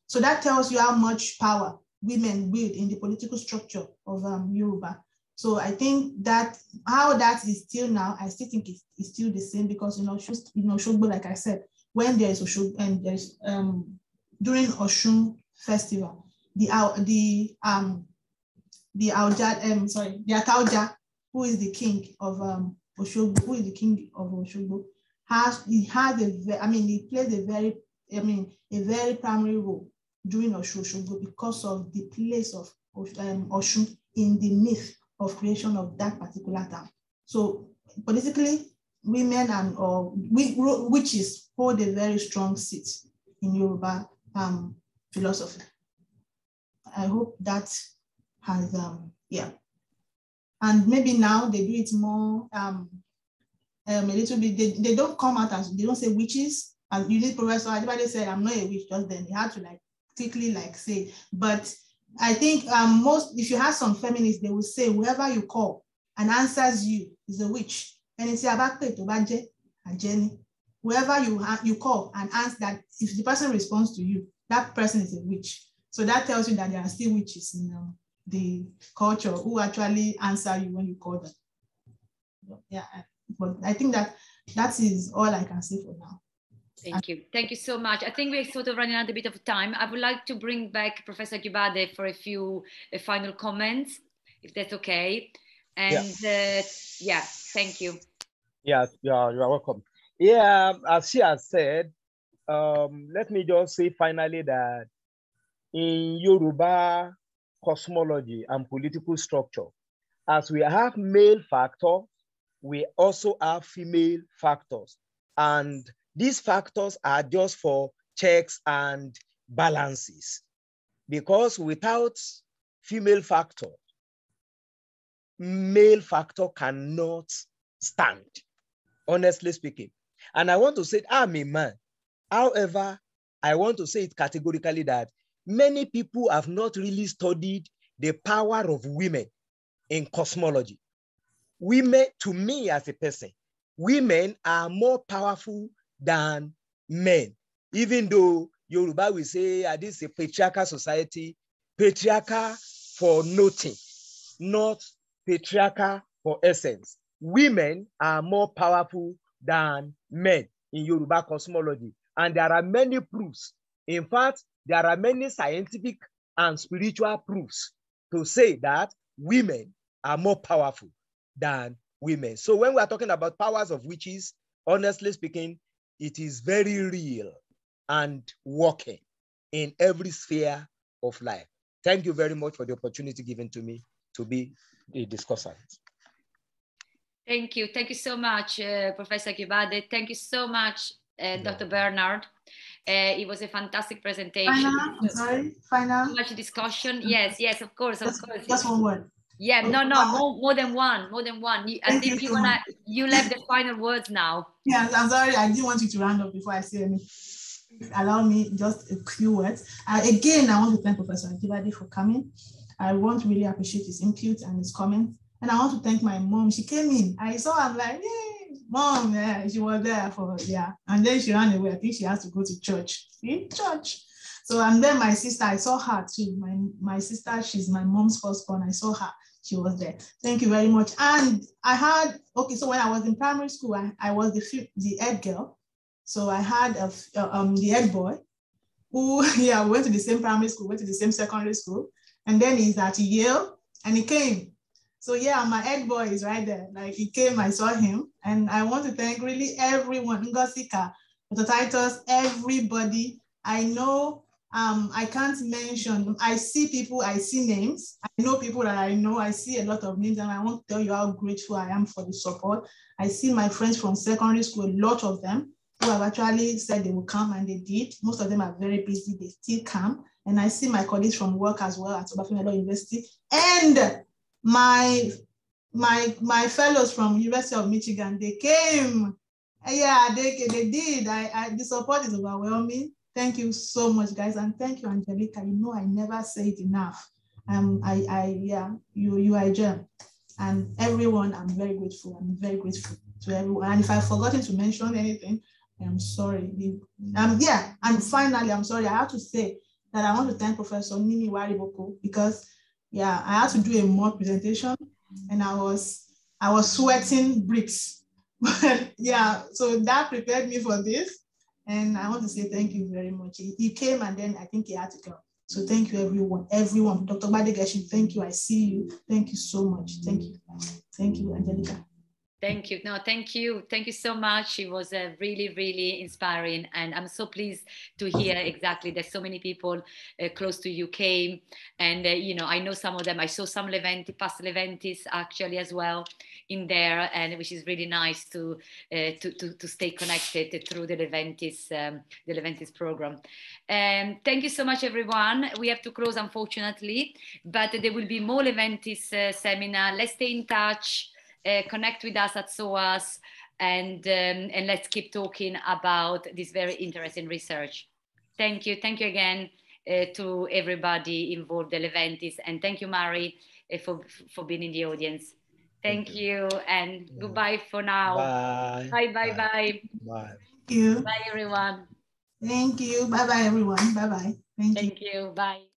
So that tells you how much power women wield in the political structure of um, Yoruba. So I think that how that is still now, I still think it's, it's still the same because in Oshu, know Oshogbo, like I said, when there is Oshu um, and there's um, during Oshun festival, the the um the Auja, um sorry, the Atauja, who is the king of um Oshogbo, who is the king of Oshogbo, has he has a I mean he plays a very I mean a very primary role during Oshogbo because of the place of um, Oshun in the myth of creation of that particular town. So politically, women and or we, witches hold a very strong seat in Yoruba um, philosophy. I hope that has um, yeah and maybe now they do it more, um, um, a little bit, they, they don't come out as, they don't say witches. And you need Professor everybody said, I'm not a witch, just then. he had to like, quickly like say, but I think um, most, if you have some feminists, they will say, whoever you call and answers you is a witch. And it's about to Banje and Jenny. Whoever you, you call and answer that, if the person responds to you, that person is a witch. So that tells you that there are still witches in, um, the culture who actually answer you when you call them. Yeah, but I think that that is all I can say for now. Thank you. Thank you so much. I think we're sort of running out a bit of time. I would like to bring back Professor Gibade for a few final comments, if that's okay. And yeah, uh, yeah thank you. Yes, you are, you are welcome. Yeah, as she has said, um, let me just say finally that in Yoruba cosmology, and political structure. As we have male factor, we also have female factors. And these factors are just for checks and balances. Because without female factor, male factor cannot stand, honestly speaking. And I want to say, I'm a man. However, I want to say it categorically that many people have not really studied the power of women in cosmology. Women, to me as a person, women are more powerful than men, even though Yoruba will say uh, this is a patriarchal society, patriarchal for nothing, not patriarchal for essence. Women are more powerful than men in Yoruba cosmology. And there are many proofs in fact, there are many scientific and spiritual proofs to say that women are more powerful than women. So when we are talking about powers of witches, honestly speaking, it is very real and working in every sphere of life. Thank you very much for the opportunity given to me to be a discussant. Thank you. Thank you so much, uh, Professor Kibade. Thank you so much, uh, Dr. Yeah. Bernard. Uh, it was a fantastic presentation. Final, sorry, final. Too much discussion. Yes, yes, of course, of course. That's one word. Yeah, no, no, more, more than one, more than one. You, I think you wanna, you left the final words now. Yeah, I'm sorry, I didn't want you to round up before I say anything. Allow me just a few words. Uh, again, I want to thank Professor Akibade for coming. I want to really appreciate his input and his comments. And I want to thank my mom. She came in. I saw, I'm like, yay! Mom, yeah, she was there for, yeah. And then she ran away. I think she has to go to church. In church. So, and then my sister, I saw her too. My, my sister, she's my mom's firstborn. I saw her. She was there. Thank you very much. And I had, okay, so when I was in primary school, I, I was the, the head girl. So I had a, uh, um, the head boy who, yeah, went to the same primary school, went to the same secondary school. And then he's at Yale and he came so yeah, my head boy is right there. Like he came, I saw him. And I want to thank really everyone, Ngosika, the Titus, everybody. I know um, I can't mention, I see people, I see names. I know people that I know. I see a lot of names and I want to tell you how grateful I am for the support. I see my friends from secondary school, a lot of them who have actually said they will come and they did. Most of them are very busy, they still come. And I see my colleagues from work as well at Obafemi University and my my my fellows from University of Michigan, they came. Eh, yeah, they, they did. I, I the support is overwhelming. Thank you so much, guys, and thank you, Angelica. You know I never say it enough. Um, I, I yeah, you you are a gem, and everyone. I'm very grateful. I'm very grateful to everyone. And if I've forgotten to mention anything, I'm sorry. Um, yeah, and finally, I'm sorry. I have to say that I want to thank Professor Nini Wariboko because yeah, I had to do a mock presentation and I was I was sweating bricks. But yeah, so that prepared me for this. And I want to say thank you very much. He, he came and then I think he had to go. So thank you everyone, everyone. Dr. Badigashi, thank you. I see you. Thank you so much. Thank you. Thank you, Angelica. Thank you. No, thank you. Thank you so much. It was uh, really, really inspiring. And I'm so pleased to hear exactly that so many people uh, close to UK. And, uh, you know, I know some of them. I saw some Leventi, past Leventis actually as well in there, and which is really nice to, uh, to, to, to, stay connected through the Leventis, um, the Leventis program. Um, thank you so much, everyone. We have to close, unfortunately, but there will be more Leventis uh, seminar. Let's stay in touch. Uh, connect with us at SOAS and, um, and let's keep talking about this very interesting research. Thank you. Thank you again uh, to everybody involved, the Leventis. And thank you, Mari, uh, for, for being in the audience. Thank, thank you. you. and goodbye for now. Bye. Bye, bye, bye. Bye. bye. Thank you. Bye, everyone. Thank you. Bye, bye, everyone. Bye, bye. Thank, thank you. you. Bye.